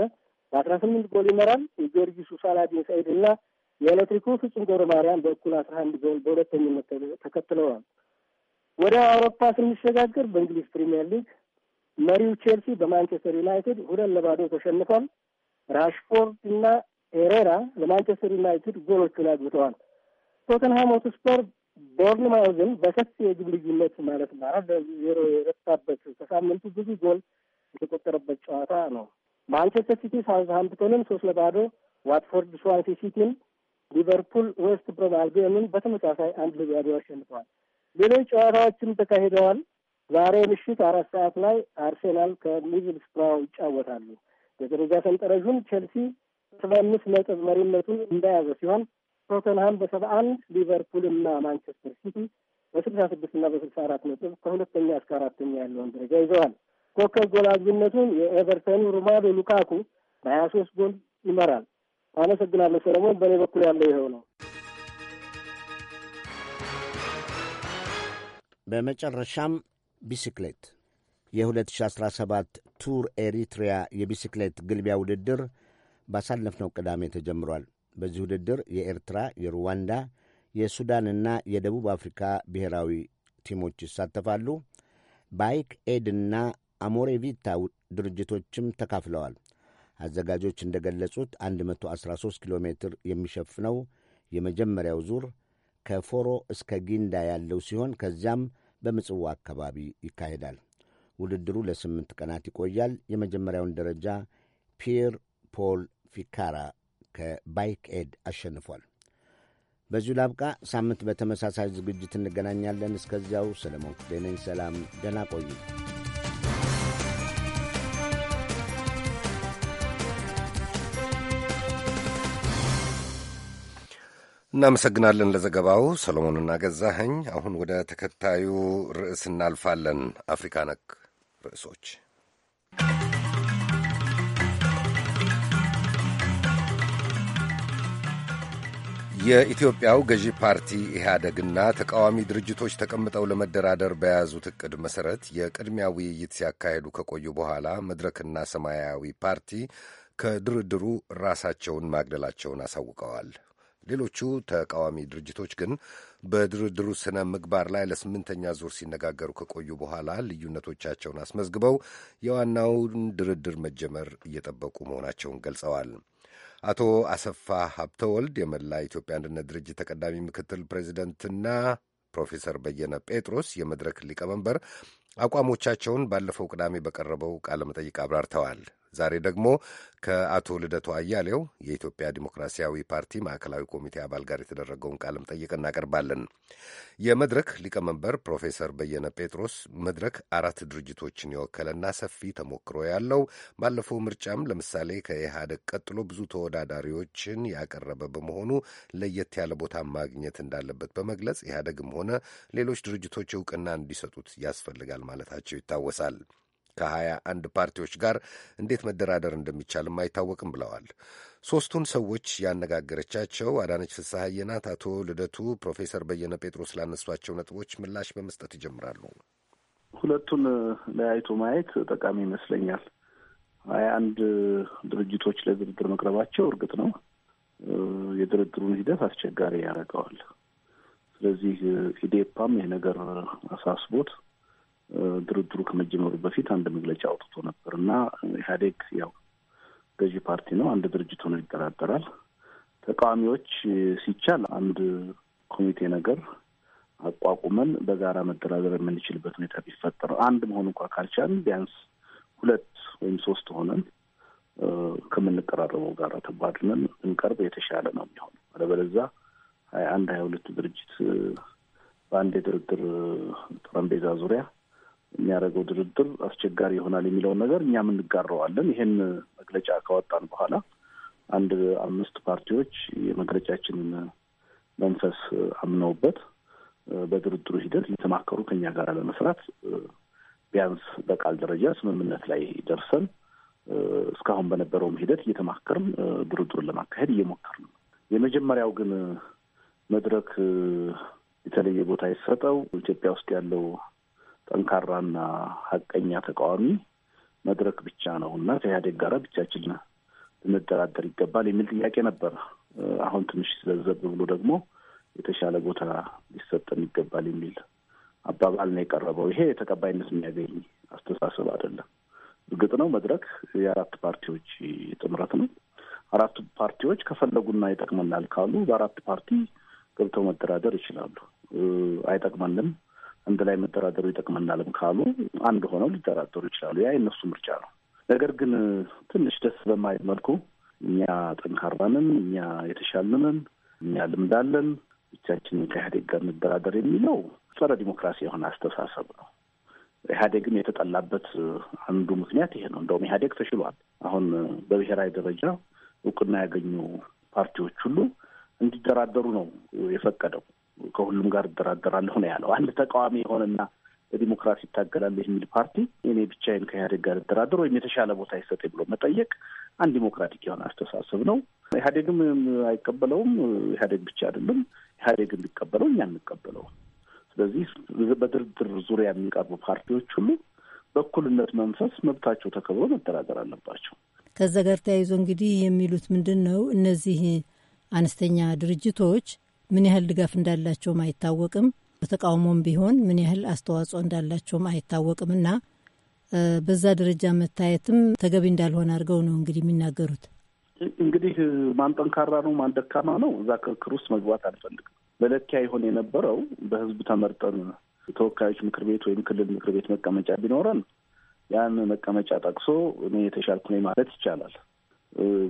በአስራ ስምንት ጎል ይመራል። የጊዮርጊሱ ሳላዲን ሰይድ እና የኤሌክትሪኩ ፍጹም ገብረ ማርያም በእኩል አስራ አንድ ጎል በሁለተኝነት ተከትለዋል። ወደ አውሮፓ ስንሸጋገር በእንግሊዝ ፕሪሚየር ሊግ መሪው ቼልሲ በማንቸስተር ዩናይትድ ሁለት ለባዶ ተሸንፏል። ራሽፎርድ እና ኤሬራ ለማንቸስተር ዩናይትድ ጎሎቹን አግብተዋል። ቶተንሃም ሆትስፐር ቦርንማውዝን በሰፊ የግብ ልዩነት ማለት አራት ዜሮ የረታበት ከሳምንቱ ብዙ ጎል የተቆጠረበት ጨዋታ ነው። ማንቸስተር ሲቲ ሳውዝሃምፕተንን ሶስት ለባዶ፣ ዋትፎርድ ስዋንሲ ሲቲን፣ ሊቨርፑል ዌስት ብሮም አልቢዮንን በተመሳሳይ አንድ ለባዶ አሸንፈዋል። ሌሎች ጨዋታዎችም ተካሂደዋል። ዛሬ ምሽት አራት ሰዓት ላይ አርሴናል ከሚድልስብራው ይጫወታሉ። የደረጃ ሰንጠረዡን ቼልሲ ሰባ አምስት ነጥብ መሪነቱን እንደያዘ ሲሆን ቶተንሃም በሰባ አንድ ሊቨርፑል እና ማንቸስተር ሲቲ በስልሳ ስድስት እና በስልሳ አራት ነጥብ ከሁለተኛ እስከ አራተኛ ያለውን ደረጃ ይዘዋል። ኮከብ ጎል አግቢነቱን የኤቨርተኑ ሮማዶ ሉካኩ በሀያ ሶስት ጎል ይመራል። አመሰግናለሁ ሰለሞን። በእኔ በኩል ያለው ይኸው ነው። በመጨረሻም ቢስክሌት የ ሺ አስራ ሰባት ቱር ኤሪትሪያ የቢስክሌት ግልቢያ ውድድር ባሳለፍነው ቅዳሜ ተጀምሯል። በዚህ ውድድር የኤርትራ፣ የሩዋንዳ፣ የሱዳንና የደቡብ አፍሪካ ብሔራዊ ቲሞች ይሳተፋሉ። ባይክ ኤድና አሞሬቪታ ድርጅቶችም ተካፍለዋል። አዘጋጆች እንደገለጹት 113 ኪሎ ሜትር የሚሸፍነው የመጀመሪያው ዙር ከፎሮ እስከ ጊንዳ ያለው ሲሆን ከዚያም በምጽዋ አካባቢ ይካሄዳል። ውድድሩ ለስምንት ቀናት ይቆያል። የመጀመሪያውን ደረጃ ፒየር ፖል ፊካራ ከባይክ ኤድ አሸንፏል። በዚሁ ላብቃ። ሳምንት በተመሳሳይ ዝግጅት እንገናኛለን። እስከዚያው ሰለሞን ክፍሌ ነኝ። ሰላም፣ ደህና ቆዩ። እናመሰግናለን ለዘገባው ሰሎሞንና ገዛኸኝ። አሁን ወደ ተከታዩ ርዕስ እናልፋለን። አፍሪካ ነክ ርዕሶች የኢትዮጵያው ገዢ ፓርቲ ኢህአደግና ተቃዋሚ ድርጅቶች ተቀምጠው ለመደራደር በያዙት እቅድ መሠረት የቅድሚያ ውይይት ሲያካሄዱ ከቆዩ በኋላ መድረክና ሰማያዊ ፓርቲ ከድርድሩ ራሳቸውን ማግለላቸውን አሳውቀዋል። ሌሎቹ ተቃዋሚ ድርጅቶች ግን በድርድሩ ስነ ምግባር ላይ ለስምንተኛ ዙር ሲነጋገሩ ከቆዩ በኋላ ልዩነቶቻቸውን አስመዝግበው የዋናውን ድርድር መጀመር እየጠበቁ መሆናቸውን ገልጸዋል። አቶ አሰፋ ሀብተወልድ የመላ ኢትዮጵያ አንድነት ድርጅት ተቀዳሚ ምክትል ፕሬዚደንትና ፕሮፌሰር በየነ ጴጥሮስ የመድረክ ሊቀመንበር አቋሞቻቸውን ባለፈው ቅዳሜ በቀረበው ቃለ መጠይቅ አብራርተዋል። ዛሬ ደግሞ ከአቶ ልደቱ አያሌው የኢትዮጵያ ዲሞክራሲያዊ ፓርቲ ማዕከላዊ ኮሚቴ አባል ጋር የተደረገውን ቃለም ጠይቅ እናቀርባለን። የመድረክ ሊቀመንበር ፕሮፌሰር በየነ ጴጥሮስ መድረክ አራት ድርጅቶችን የወከለና ሰፊ ተሞክሮ ያለው ባለፈው ምርጫም ለምሳሌ ከኢህአደግ ቀጥሎ ብዙ ተወዳዳሪዎችን ያቀረበ በመሆኑ ለየት ያለ ቦታ ማግኘት እንዳለበት በመግለጽ ኢህአደግም ሆነ ሌሎች ድርጅቶች እውቅና እንዲሰጡት ያስፈልጋል ማለታቸው ይታወሳል። ከሀያ አንድ ፓርቲዎች ጋር እንዴት መደራደር እንደሚቻልም አይታወቅም ብለዋል። ሦስቱን ሰዎች ያነጋገረቻቸው አዳነች ፍስሐዬ ናት። አቶ ልደቱ ፕሮፌሰር በየነ ጴጥሮስ ላነሷቸው ነጥቦች ምላሽ በመስጠት ይጀምራሉ። ሁለቱን ለያይቶ ማየት ጠቃሚ ይመስለኛል። ሀያ አንድ ድርጅቶች ለድርድር መቅረባቸው እርግጥ ነው የድርድሩን ሂደት አስቸጋሪ ያደርገዋል። ስለዚህ ኢዴፓም ይህ ነገር አሳስቦት ድርድሩ ከመጀመሩ በፊት አንድ መግለጫ አውጥቶ ነበር እና ኢህአዴግ ያው ገዢ ፓርቲ ነው። አንድ ድርጅት ሆኖ ይደራደራል። ተቃዋሚዎች ሲቻል አንድ ኮሚቴ ነገር አቋቁመን በጋራ መደራደር የምንችልበት ሁኔታ ቢፈጠር፣ አንድ መሆን እንኳ ካልቻልን ቢያንስ ሁለት ወይም ሶስት ሆነን ከምንቀራረበው ጋር ተባድነን ብንቀርብ የተሻለ ነው የሚሆነው። አለበለዚያ ሀያ አንድ ሀያ ሁለት ድርጅት በአንድ የድርድር ጠረጴዛ ዙሪያ የሚያደርገው ድርድር አስቸጋሪ ይሆናል የሚለውን ነገር እኛም እንጋረዋለን። ይሄን መግለጫ ካወጣን በኋላ አንድ አምስት ፓርቲዎች የመግለጫችንን መንፈስ አምነውበት በድርድሩ ሂደት እየተማከሩ ከኛ ጋር ለመስራት ቢያንስ በቃል ደረጃ ስምምነት ላይ ደርሰን እስካሁን በነበረውም ሂደት እየተማከርን ድርድሩን ለማካሄድ እየሞከርን ነው። የመጀመሪያው ግን መድረክ የተለየ ቦታ የተሰጠው ኢትዮጵያ ውስጥ ያለው ጠንካራና ሀቀኛ ተቃዋሚ መድረክ ብቻ ነው እና ከኢህአዴግ ጋር ብቻችን ልንደራደር ይገባል የሚል ጥያቄ ነበር። አሁን ትንሽ ስለዘብ ብሎ ደግሞ የተሻለ ቦታ ሊሰጠን ይገባል የሚል አባባል ነው የቀረበው። ይሄ ተቀባይነት የሚያገኝ አስተሳሰብ አይደለም። እርግጥ ነው መድረክ የአራት ፓርቲዎች ጥምረት ነው። አራቱ ፓርቲዎች ከፈለጉና ይጠቅመናል ካሉ በአራት ፓርቲ ገብተው መደራደር ይችላሉ። አይጠቅመንም አንድ ላይ መደራደሩ ይጠቅመናልም ካሉ አንድ ሆነው ሊደራደሩ ይችላሉ። ያ የነሱ ምርጫ ነው። ነገር ግን ትንሽ ደስ በማየት መልኩ እኛ ጠንካራንን፣ እኛ የተሻልንን፣ እኛ ልምዳለን አለን፣ ብቻችንን ከኢህአዴግ ጋር እንደራደር የሚለው ጸረ ዲሞክራሲ የሆነ አስተሳሰብ ነው። ኢህአዴግም የተጠላበት አንዱ ምክንያት ይሄ ነው። እንደውም ኢህአዴግ ተሽሏል። አሁን በብሔራዊ ደረጃ እውቅና ያገኙ ፓርቲዎች ሁሉ እንዲደራደሩ ነው የፈቀደው። ከሁሉም ጋር እደራደራለሁ ነው ያለው። አንድ ተቃዋሚ የሆነና ለዲሞክራሲ ይታገላለሁ የሚል ፓርቲ እኔ ብቻዬን ከኢህአዴግ ጋር እደራደር ወይም የተሻለ ቦታ ይሰጥ ብሎ መጠየቅ አንድ ዲሞክራቲክ የሆነ አስተሳሰብ ነው። ኢህአዴግም አይቀበለውም። ኢህአዴግ ብቻ አይደለም፣ ኢህአዴግ እንዲቀበለው እኛ እንቀበለው። ስለዚህ በድርድር ዙሪያ የሚቀርቡ ፓርቲዎች ሁሉ በእኩልነት መንፈስ መብታቸው ተከብሮ መደራደር አለባቸው። ከዛ ጋር ተያይዞ እንግዲህ የሚሉት ምንድን ነው እነዚህ አነስተኛ ድርጅቶች ምን ያህል ድጋፍ እንዳላቸውም አይታወቅም። በተቃውሞም ቢሆን ምን ያህል አስተዋጽኦ እንዳላቸውም አይታወቅም እና በዛ ደረጃ መታየትም ተገቢ እንዳልሆነ አድርገው ነው እንግዲህ የሚናገሩት። እንግዲህ ማን ጠንካራ ነው ማን ደካማ ነው፣ እዛ ክርክር ውስጥ መግባት አልፈልግም። መለኪያ ይሆን የነበረው በህዝብ ተመርጠን ተወካዮች ምክር ቤት ወይም ክልል ምክር ቤት መቀመጫ ቢኖረን ያን መቀመጫ ጠቅሶ እኔ የተሻልኩ ነኝ ማለት ይቻላል።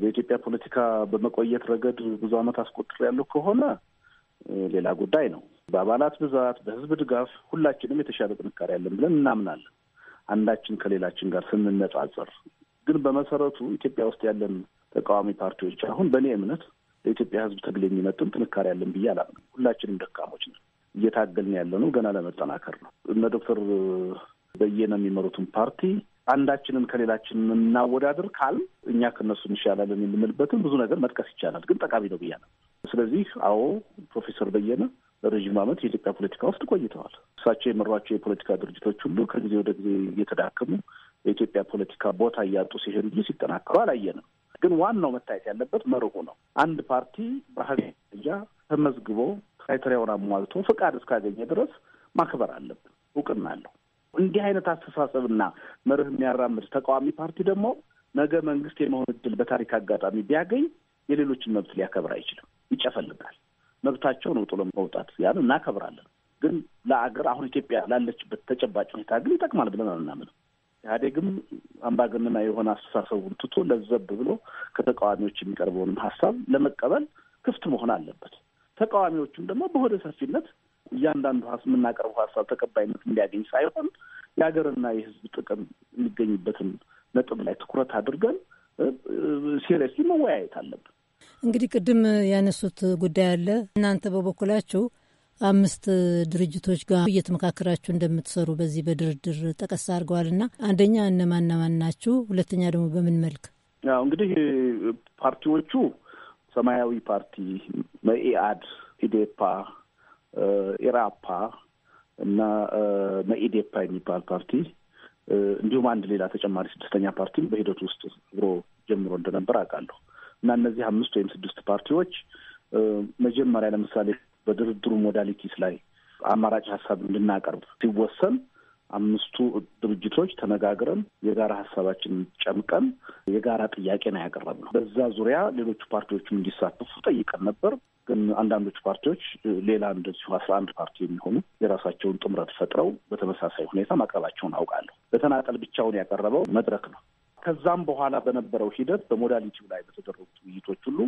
በኢትዮጵያ ፖለቲካ በመቆየት ረገድ ብዙ ዓመት አስቆጥሬያለሁ ከሆነ ሌላ ጉዳይ ነው። በአባላት ብዛት፣ በህዝብ ድጋፍ ሁላችንም የተሻለ ጥንካሬ ያለን ብለን እናምናለን አንዳችን ከሌላችን ጋር ስንነጻጸር። ግን በመሰረቱ ኢትዮጵያ ውስጥ ያለን ተቃዋሚ ፓርቲዎች አሁን በእኔ እምነት ለኢትዮጵያ ህዝብ ትግል የሚመጥን ጥንካሬ ያለን ብዬ አላምንም። ሁላችንም ደካሞች ነን። እየታገልን ያለነው ገና ለመጠናከር ነው። እነ ዶክተር በየነ የሚመሩትን ፓርቲ አንዳችንን ከሌላችን እናወዳድር ካል እኛ ከነሱ እንሻላለን የምንልበትን ብዙ ነገር መጥቀስ ይቻላል። ግን ጠቃሚ ነው ብያለሁ። ስለዚህ አዎ ፕሮፌሰር በየነ ለረዥም ዓመት የኢትዮጵያ ፖለቲካ ውስጥ ቆይተዋል። እሳቸው የመሯቸው የፖለቲካ ድርጅቶች ሁሉ ከጊዜ ወደ ጊዜ እየተዳከሙ የኢትዮጵያ ፖለቲካ ቦታ እያጡ ሲሄዱ እንጂ ሲጠናከሩ አላየንም። ግን ዋናው መታየት ያለበት መርሁ ነው። አንድ ፓርቲ በሀገር ተመዝግቦ ክራይቴሪያውን አሟልቶ ፈቃድ እስካገኘ ድረስ ማክበር አለብን። እውቅና አለው። እንዲህ አይነት አስተሳሰብና መርህ የሚያራምድ ተቃዋሚ ፓርቲ ደግሞ ነገ መንግስት የመሆን እድል በታሪክ አጋጣሚ ቢያገኝ የሌሎችን መብት ሊያከብር አይችልም። ይጨፈልጋል። መብታቸው ነው ጥሎ መውጣት። ያን እናከብራለን። ግን ለአገር አሁን ኢትዮጵያ ላለችበት ተጨባጭ ሁኔታ ግን ይጠቅማል ብለን አልናምንም። ኢህአዴግም አምባገነና የሆነ አስተሳሰቡን ትቶ ለዘብ ብሎ ከተቃዋሚዎች የሚቀርበውንም ሀሳብ ለመቀበል ክፍት መሆን አለበት። ተቃዋሚዎቹም ደግሞ በሆደ ሰፊነት እያንዳንዱ የምናቀርበው ሀሳብ ተቀባይነት እንዲያገኝ ሳይሆን የሀገርና የሕዝብ ጥቅም የሚገኝበትን ነጥብ ላይ ትኩረት አድርገን ሴሪየስሊ መወያየት አለብን። እንግዲህ ቅድም ያነሱት ጉዳይ አለ። እናንተ በበኩላችሁ አምስት ድርጅቶች ጋር እየተመካከራችሁ እንደምትሰሩ በዚህ በድርድር ጠቀስ አድርገዋልና አንደኛ እነማን እነማን ናችሁ? ሁለተኛ ደግሞ በምን መልክ? ያው እንግዲህ ፓርቲዎቹ ሰማያዊ ፓርቲ፣ መኢአድ፣ ኢዴፓ፣ ኢራፓ እና መኢዴፓ የሚባል ፓርቲ እንዲሁም አንድ ሌላ ተጨማሪ ስድስተኛ ፓርቲም በሂደቱ ውስጥ አብሮ ጀምሮ እንደነበር አውቃለሁ። እና እነዚህ አምስት ወይም ስድስት ፓርቲዎች መጀመሪያ ለምሳሌ በድርድሩ ሞዳሊቲስ ላይ አማራጭ ሀሳብ እንድናቀርብ ሲወሰን አምስቱ ድርጅቶች ተነጋግረን የጋራ ሀሳባችንን ጨምቀን የጋራ ጥያቄ ነው ያቀረብነው። በዛ ዙሪያ ሌሎቹ ፓርቲዎችም እንዲሳተፉ ጠይቀን ነበር። ግን አንዳንዶቹ ፓርቲዎች ሌላ እንደዚሁ አስራ አንድ ፓርቲ የሚሆኑ የራሳቸውን ጥምረት ፈጥረው በተመሳሳይ ሁኔታ ማቅረባቸውን አውቃለሁ። በተናጠል ብቻውን ያቀረበው መድረክ ነው። ከዛም በኋላ በነበረው ሂደት በሞዳሊቲው ላይ በተደረጉት ውይይቶች ሁሉ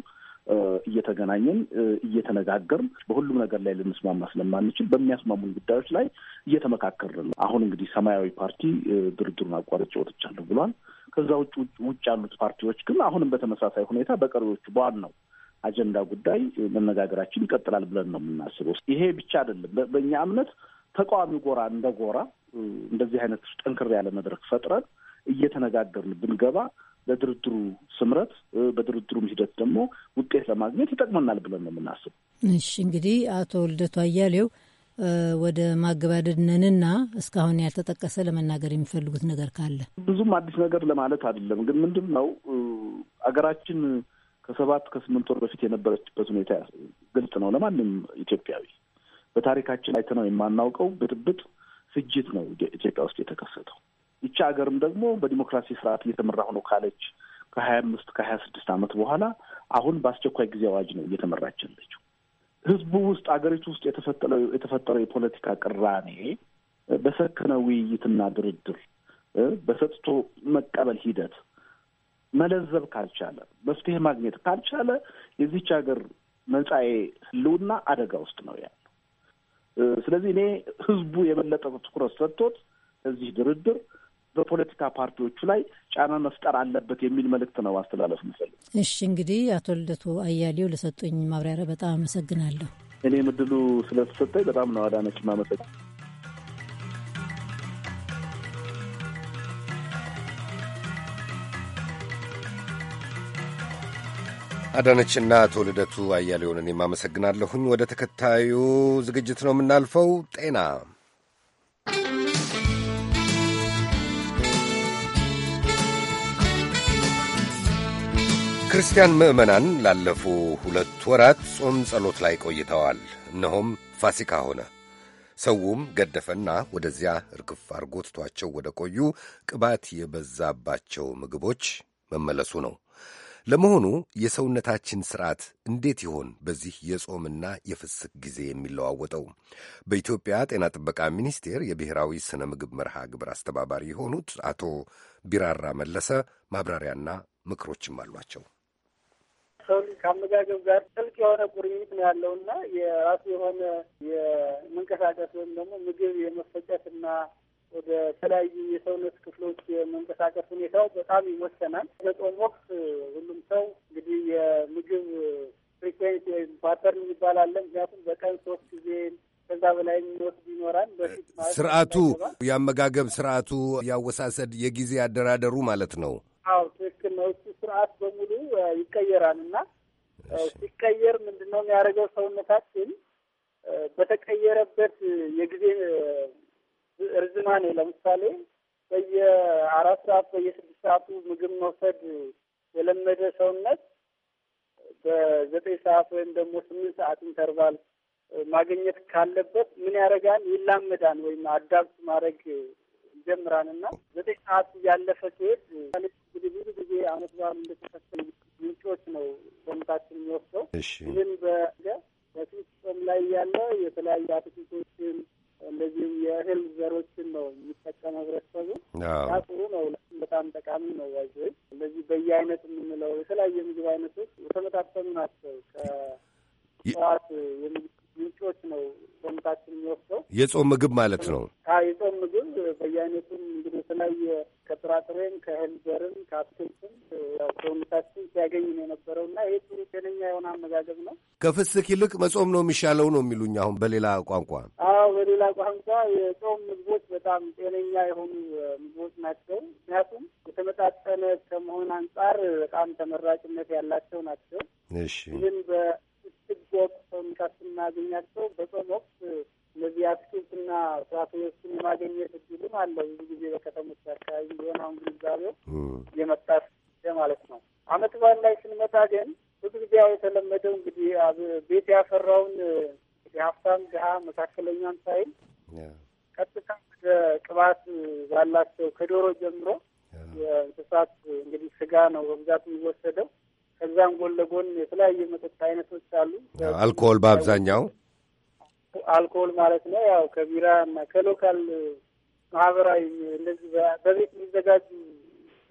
እየተገናኘን እየተነጋገርን በሁሉም ነገር ላይ ልንስማማ ስለማንችል በሚያስማሙን ጉዳዮች ላይ እየተመካከርን ነው። አሁን እንግዲህ ሰማያዊ ፓርቲ ድርድሩን አቋርጬ ወጥቻለሁ ብሏል። ከዛ ውጭ ውጭ ያሉት ፓርቲዎች ግን አሁንም በተመሳሳይ ሁኔታ በቀሪዎቹ በዋናው አጀንዳ ጉዳይ መነጋገራችን ይቀጥላል ብለን ነው የምናስበው። ይሄ ብቻ አይደለም። በእኛ እምነት ተቃዋሚ ጎራ እንደ ጎራ እንደዚህ አይነት ጠንክር ያለ መድረክ ፈጥረን እየተነጋገርን ብንገባ ለድርድሩ ስምረት በድርድሩም ሂደት ደግሞ ውጤት ለማግኘት ይጠቅመናል ብለን ነው የምናስብ። እሺ እንግዲህ አቶ ልደቱ አያሌው ወደ ማገባደድ ነንና እስካሁን ያልተጠቀሰ ለመናገር የሚፈልጉት ነገር ካለ? ብዙም አዲስ ነገር ለማለት አይደለም፣ ግን ምንድን ነው አገራችን ከሰባት ከስምንት ወር በፊት የነበረችበት ሁኔታ ግልጽ ነው ለማንም ኢትዮጵያዊ። በታሪካችን አይተነው የማናውቀው ብጥብጥ፣ ፍጅት ነው ኢትዮጵያ ውስጥ የተከሰተው። ይቺ ሀገርም ደግሞ በዲሞክራሲ ስርዓት እየተመራሁ ነው ካለች ከሀያ አምስት ከሀያ ስድስት ዓመት በኋላ አሁን በአስቸኳይ ጊዜ አዋጅ ነው እየተመራች ያለችው። ህዝቡ ውስጥ አገሪቱ ውስጥ የተፈጠረው የፖለቲካ ቅራኔ በሰከነ ውይይትና ድርድር በሰጥቶ መቀበል ሂደት መለዘብ ካልቻለ፣ መፍትሄ ማግኘት ካልቻለ የዚች ሀገር መጻኤ ህልውና አደጋ ውስጥ ነው ያለው። ስለዚህ እኔ ህዝቡ የበለጠ ትኩረት ሰጥቶት እዚህ ድርድር በፖለቲካ ፓርቲዎቹ ላይ ጫና መፍጠር አለበት የሚል መልእክት ነው ማስተላለፍ ምፈልግ። እሺ እንግዲህ አቶ ልደቱ አያሌው ለሰጡኝ ማብራሪያ በጣም አመሰግናለሁ። እኔ ምድሉ ስለተሰጠኝ በጣም ነው አዳነች ማመሰግ አዳነችና አቶ ልደቱ አያሌውን እኔም አመሰግናለሁኝ። ወደ ተከታዩ ዝግጅት ነው የምናልፈው ጤና ክርስቲያን ምዕመናን ላለፉ ሁለት ወራት ጾም ጸሎት ላይ ቆይተዋል። እነሆም ፋሲካ ሆነ። ሰውም ገደፈና ወደዚያ እርግፍ አርጎትቷቸው ወደ ቆዩ ቅባት የበዛባቸው ምግቦች መመለሱ ነው። ለመሆኑ የሰውነታችን ስርዓት እንዴት ይሆን በዚህ የጾምና የፍስክ ጊዜ የሚለዋወጠው? በኢትዮጵያ ጤና ጥበቃ ሚኒስቴር የብሔራዊ ስነ ምግብ መርሃ ግብር አስተባባሪ የሆኑት አቶ ቢራራ መለሰ ማብራሪያና ምክሮችም አሏቸው። ከሰው ልጅ ከአመጋገብ ጋር ጥልቅ የሆነ ቁርኝት ነው ያለው እና የራሱ የሆነ የመንቀሳቀስ ወይም ደግሞ ምግብ የመፈጨት እና ወደ ተለያዩ የሰውነት ክፍሎች የመንቀሳቀስ ሁኔታው በጣም ይወሰናል። በጾም ወቅት ሁሉም ሰው እንግዲህ የምግብ ፍሪኩዌንሲ ወይም ፓተርን ይባላል። ምክንያቱም በቀን ሶስት ጊዜ ከዛ በላይ የሚወስድ ይኖራል። በፊት ስርዓቱ የአመጋገብ ስርዓቱ ያወሳሰድ የጊዜ አደራደሩ ማለት ነው። አዎ ትክክል ነው። ስርዓት በሙሉ ይቀየራል እና ሲቀየር ምንድን ነው የሚያደርገው? ሰውነታችን በተቀየረበት የጊዜ ርዝማኔ ለምሳሌ በየአራት ሰዓት በየስድስት ሰዓቱ ምግብ መውሰድ የለመደ ሰውነት በዘጠኝ ሰዓት ወይም ደግሞ ስምንት ሰዓት ኢንተርቫል ማግኘት ካለበት ምን ያደርጋል? ይላመዳል ወይም አዳብት ማድረግ ይጀምራል እና ዘጠኝ ሰዓት እያለፈ ሲሄድ ልጅ ብዙ ጊዜ አመት በዓሉ እንደተፈሰሉ ምንጮች ነው ሰምታችን የሚወስደው ይህም በገ በፊት ጾም ላይ ያለ የተለያዩ አትክልቶችን እንደዚህም የእህል ዘሮችን ነው የሚጠቀም ህብረተሰቡ። ያ ጥሩ ነው፣ በጣም ጠቃሚ ነው። ዋጅ እንደዚህ በየአይነት የምንለው የተለያየ ምግብ አይነቶች የተመጣጠኑ ናቸው። ከጠዋት ምንጮች ነው ሰምታችን የሚወስደው የጾም ምግብ ማለት ነው። ከፍስክ ይልቅ መጾም ነው የሚሻለው ነው የሚሉኝ አሁን በሌላ ቋንቋ አልኮል በአብዛኛው አልኮል ማለት ነው። ያው ከቢራ እና ከሎካል ማህበራዊ እንደዚህ በቤት የሚዘጋጁ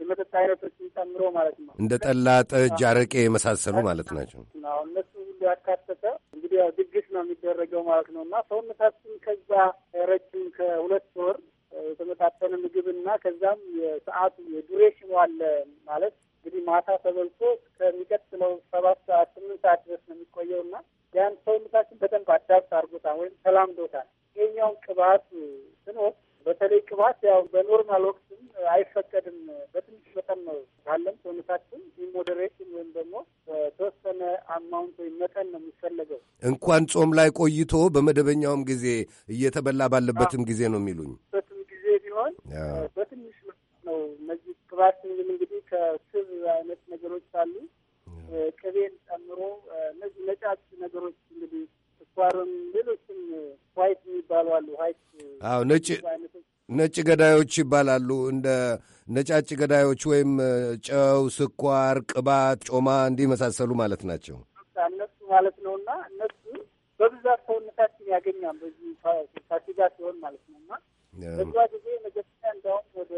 የመጠጥ አይነቶችን ጨምሮ ማለት ነው። እንደ ጠላ፣ ጠጅ፣ አረቄ የመሳሰሉ ማለት ናቸው። እነሱ ሁሉ ያካተተ እንግዲህ ያው ድግስ ነው የሚደረገው ማለት ነው እና ሰውነታችን ከዛ ረጅም ከሁለት ወር የተመጣጠነ እና ከዛም የሰዓቱ የዱሬሽኑ አለ ማለት እንግዲህ ማታ ተበልቶ ከሚቀጥለው ሰባት ሰዓት ስምንት ሰዓት ድረስ ነው የሚቆየውና ያን ሰውነታችን በደንብ አዳብት አድርጎታል ወይም ተላምዶታል። ይሄኛውን ቅባት ስንወስድ በተለይ ቅባት ያው በኖርማል ወቅትም አይፈቀድም። በትንሽ መጠን ነው ካለን ሰውነታችን ኢሞዴሬሽን ወይም ደግሞ በተወሰነ አማውንት ወይም መጠን ነው የሚፈለገው። እንኳን ጾም ላይ ቆይቶ በመደበኛውም ጊዜ እየተበላ ባለበትም ጊዜ ነው የሚሉኝ በትም ጊዜ ቢሆን ስኳርም፣ ሌሎችም ዋይት የሚባሉ አሉ። ዋይት አዎ፣ ነጭ ነጭ ገዳዮች ይባላሉ። እንደ ነጫጭ ገዳዮች ወይም ጨው፣ ስኳር፣ ቅባት፣ ጮማ እንዲህ መሳሰሉ ማለት ናቸው እነሱ ማለት ነው። እና እነሱ በብዛት ሰውነታችን ያገኛል በዚህ ፋሲጋ ሲሆን ማለት ነው። እና በዛ ጊዜ መጀመሪያ እንዲያውም ወደ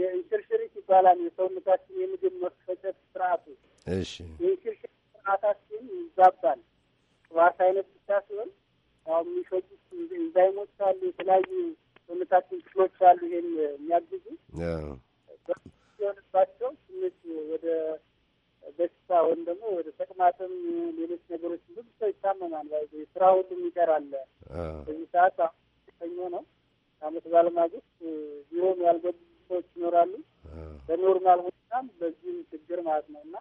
የኢንሽርሽሪት ይባላል የሰውነታችን የምግብ መፈጨት ስርዓቱ። እሺ የኢንሽርሽሪት ይዛባል ዋስ አይነት ብቻ ሲሆን አሁን የሚፈጁት ኢንዛይሞች አሉ፣ የተለያዩ ሰውነታችን ክፍሎች አሉ። ይሄን የሚያግዙ ሲሆንባቸው ትንሽ ወደ በሽታ ወይም ደግሞ ወደ ተቅማጥም ሌሎች ነገሮች ብዙ ሰው ይታመማል። ስራ ሁሉም ይቀራል። በዚህ ሰዓት ሰኞ ነው። ከአመት በዓል ማግስት ቢሮም ያልገቡ ሰዎች ይኖራሉ። በኖርማል ሁኔታም በዚህም ችግር ማለት ነው እና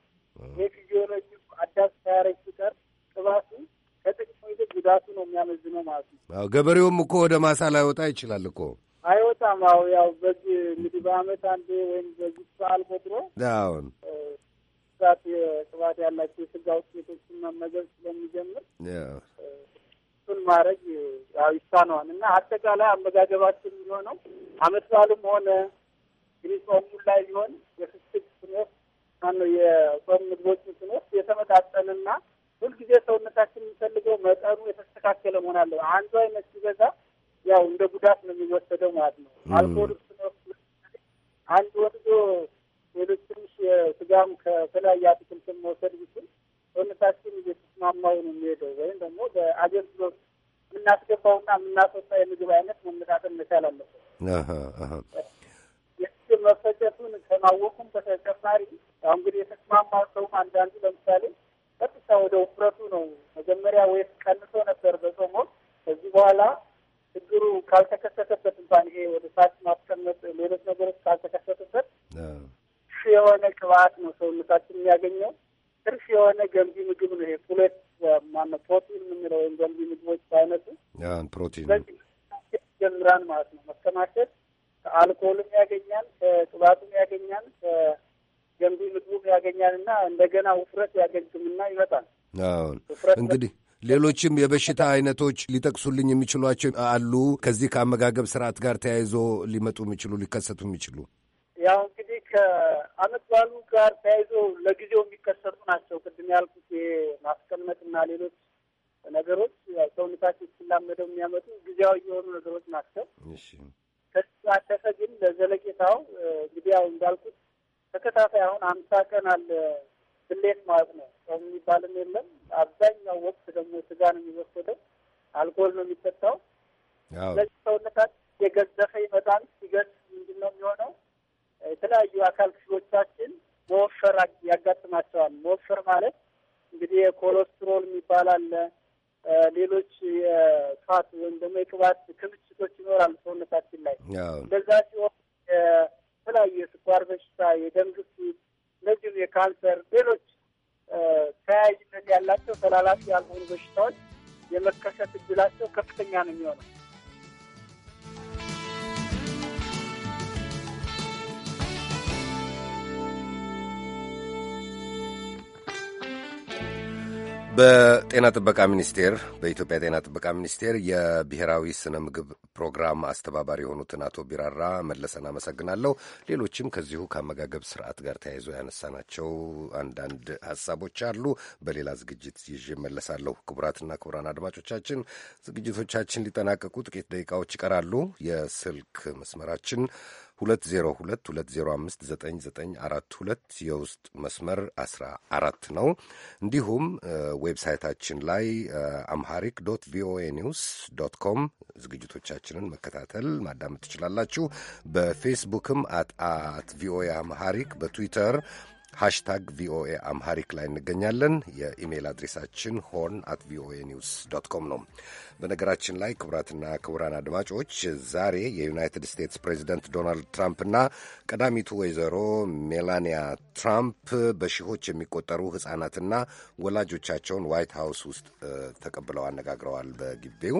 ይህ ፊዚዮሎጂ አዳስ ሳያረግ ሲቀር ቅባቱ ጉዳቱ ነው የሚያመዝነው ማለት ነው። ገበሬውም እኮ ወደ ማሳ ላይወጣ ይችላል እኮ አይወጣም። አዎ ያው በዚህ እንግዲህ በአመት አንዴ ወይም በዚህ በዓል ቆጥሮ አሁን ብዛት የቅባት ያላቸው የስጋ ውጤቶችን መመገብ ስለሚጀምር እሱን ማድረግ ያው ይሳነዋል እና አጠቃላይ አመጋገባችን የሚሆነው አመት በዓሉም ሆነ እንግዲህ ጾሙ ላይ ሊሆን የፍስክ ስኖት ማነው የጾም ምግቦችን ስኖት የተመጣጠንና ሁልጊዜ ሰውነታችን የሚፈልገው መጠኑ የተስተካከለ መሆን አለው። አንዱ አይነት ሲበዛ ያው እንደ ጉዳት ነው የሚወሰደው ማለት ነው። አልኮል አንድ ወስዶ ሌሎች ትንሽ ስጋም ከተለያየ አትክልትን መውሰድ ቢችል ሰውነታችን እየተስማማው ነው የሚሄደው። ወይም ደግሞ በአገልግሎት የምናስገባውና የምናስወጣ የምግብ አይነት መመጣጠን መቻል አለበት። የምግብ መፈጨቱን ከማወቁም በተጨማሪ አሁ እንግዲህ የተስማማው ሰውም አንዳንዱ ለምሳሌ ቀጥታ ወደ ውፍረቱ ነው። መጀመሪያ ወይ ቀንሶ ነበር በጾም ወቅት። ከዚህ በኋላ ችግሩ ካልተከሰተበት እንኳን ይሄ ወደ ሳት ማስቀመጥ፣ ሌሎች ነገሮች ካልተከሰተበት ሽ የሆነ ቅባት ነው ሰውነታችን የሚያገኘው ትርፍ የሆነ ገንቢ ምግብ ነው። ይሄ ፕሌት ማነው ፕሮቲን የምንለው ወይም ገንቢ ምግቦች በአይነቱ ፕሮቲን ጀምራን ማለት ነው መከማቸት ከአልኮልም ያገኛል፣ ከቅባቱም ያገኛል፣ ገንቢ ምግቡም ያገኛልና እንደገና ውፍረት ያገኝትምና ይመጣል። አሁን እንግዲህ ሌሎችም የበሽታ አይነቶች ሊጠቅሱልኝ የሚችሏቸው አሉ ከዚህ ከአመጋገብ ስርዓት ጋር ተያይዞ ሊመጡ የሚችሉ ሊከሰቱ የሚችሉ ያው እንግዲህ ከአመት በዓሉ ጋር ተያይዞ ለጊዜው የሚከሰቱ ናቸው። ቅድም ያልኩት ማስቀመጥና ሌሎች ነገሮች ሰውነታችን ሲላመደው የሚያመጡ ጊዜያዊ የሆኑ ነገሮች ናቸው። ከዚህ ባለፈ ግን ለዘለቄታው እንግዲህ ያው እንዳልኩት ተከታታይ አሁን አምሳ ቀን አለ ስሌት ማለት ነው። ሰው የሚባልም የለም። አብዛኛው ወቅት ደግሞ ስጋ ነው የሚወሰደው፣ አልኮል ነው የሚጠጣው። ስለዚህ ሰውነታት የገዘፈ ይመጣል። ሲገዝ ምንድን ነው የሚሆነው? የተለያዩ አካል ክፍሎቻችን መወፈር ያጋጥማቸዋል። መወፈር ማለት እንግዲህ የኮሌስትሮል የሚባል አለ፣ ሌሎች የፋት ወይም ደግሞ የቅባት ክምችቶች ይኖራሉ ሰውነታችን ላይ እንደዛ ሲሆ የደም ግፊት፣ እነዚሁም የካንሰር ሌሎች ተያያዥነት ያላቸው ተላላፊ ያልሆኑ በሽታዎች የመከሰት እድላቸው ከፍተኛ ነው የሚሆነው። በጤና ጥበቃ ሚኒስቴር በኢትዮጵያ ጤና ጥበቃ ሚኒስቴር የብሔራዊ ስነ ምግብ ፕሮግራም አስተባባሪ የሆኑትን አቶ ቢራራ መለሰን አመሰግናለሁ። ሌሎችም ከዚሁ ከአመጋገብ ስርዓት ጋር ተያይዞ ያነሳናቸው አንዳንድ ሀሳቦች አሉ። በሌላ ዝግጅት ይዤ መለሳለሁ። ክቡራትና ክቡራን አድማጮቻችን ዝግጅቶቻችን ሊጠናቀቁ ጥቂት ደቂቃዎች ይቀራሉ። የስልክ መስመራችን 202 የውስጥ መስመር 14 ነው። እንዲሁም ዌብሳይታችን ላይ አምሃሪክ ዶት ቪኦኤ ኒውስ ዶት ኮም ዝግጅቶቻችንን መከታተል ማዳመጥ ትችላላችሁ። በፌስቡክም አት አት ቪኦኤ አምሃሪክ በትዊተር ሃሽታግ ቪኦኤ አምሃሪክ ላይ እንገኛለን። የኢሜይል አድሬሳችን ሆርን አት ቪኦኤ ኒውስ ዶት ኮም ነው። በነገራችን ላይ ክቡራትና ክቡራን አድማጮች ዛሬ የዩናይትድ ስቴትስ ፕሬዚደንት ዶናልድ ትራምፕና ቀዳሚቱ ወይዘሮ ሜላኒያ ትራምፕ በሺዎች የሚቆጠሩ ሕጻናትና ወላጆቻቸውን ዋይት ሀውስ ውስጥ ተቀብለው አነጋግረዋል። በግቢው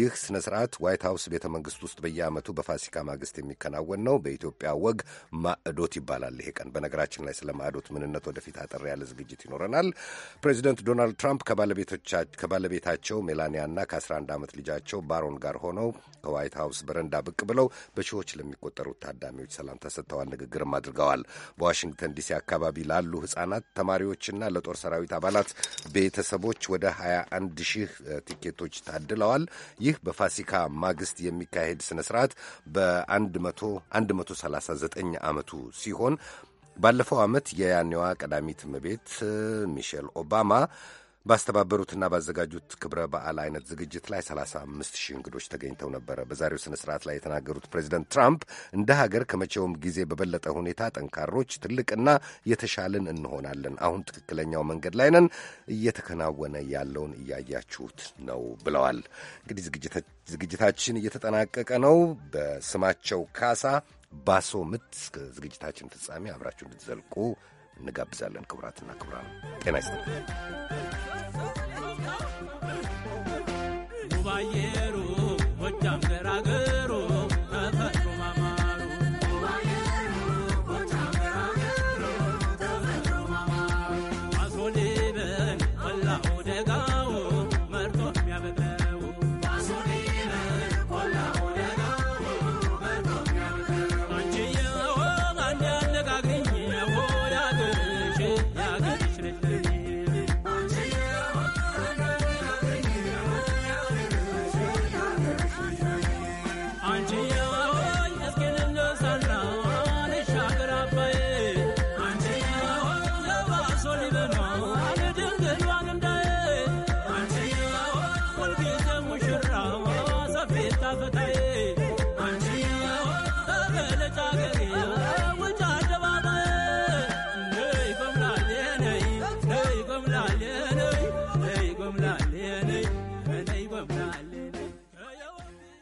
ይህ ስነ ስርዓት ዋይት ሀውስ ቤተ መንግስት ውስጥ በየዓመቱ በፋሲካ ማግስት የሚከናወን ነው። በኢትዮጵያ ወግ ማዕዶት ይባላል ይሄ ቀን። በነገራችን ላይ ስለ ማዕዶት ምንነት ወደፊት አጠር ያለ ዝግጅት ይኖረናል። ፕሬዚደንት ዶናልድ ትራምፕ ከባለቤታቸው ሜላኒያና ከአስራ 11 ዓመት ልጃቸው ባሮን ጋር ሆነው ከዋይት ሀውስ በረንዳ ብቅ ብለው በሺዎች ለሚቆጠሩት ታዳሚዎች ሰላምታ ሰጥተዋል። ንግግርም አድርገዋል። በዋሽንግተን ዲሲ አካባቢ ላሉ ህጻናት፣ ተማሪዎችና ለጦር ሰራዊት አባላት ቤተሰቦች ወደ 21 ሺህ ቲኬቶች ታድለዋል። ይህ በፋሲካ ማግስት የሚካሄድ ስነ ስርዓት በ139 ዓመቱ ሲሆን ባለፈው ዓመት የያኔዋ ቀዳሚት እመቤት ሚሼል ኦባማ ባስተባበሩትና ባዘጋጁት ክብረ በዓል አይነት ዝግጅት ላይ 35 ሺህ እንግዶች ተገኝተው ነበረ። በዛሬው ስነ ስርዓት ላይ የተናገሩት ፕሬዚደንት ትራምፕ እንደ ሀገር ከመቼውም ጊዜ በበለጠ ሁኔታ ጠንካሮች፣ ትልቅና የተሻልን እንሆናለን። አሁን ትክክለኛው መንገድ ላይ ነን። እየተከናወነ ያለውን እያያችሁት ነው ብለዋል። እንግዲህ ዝግጅታችን እየተጠናቀቀ ነው። በስማቸው ካሳ ባሶ ምት ዝግጅታችን ፍጻሜ አብራችሁ እንድትዘልቁ እንጋብዛለን። ክቡራትና ክቡራን ጤና ይስጥልኝ።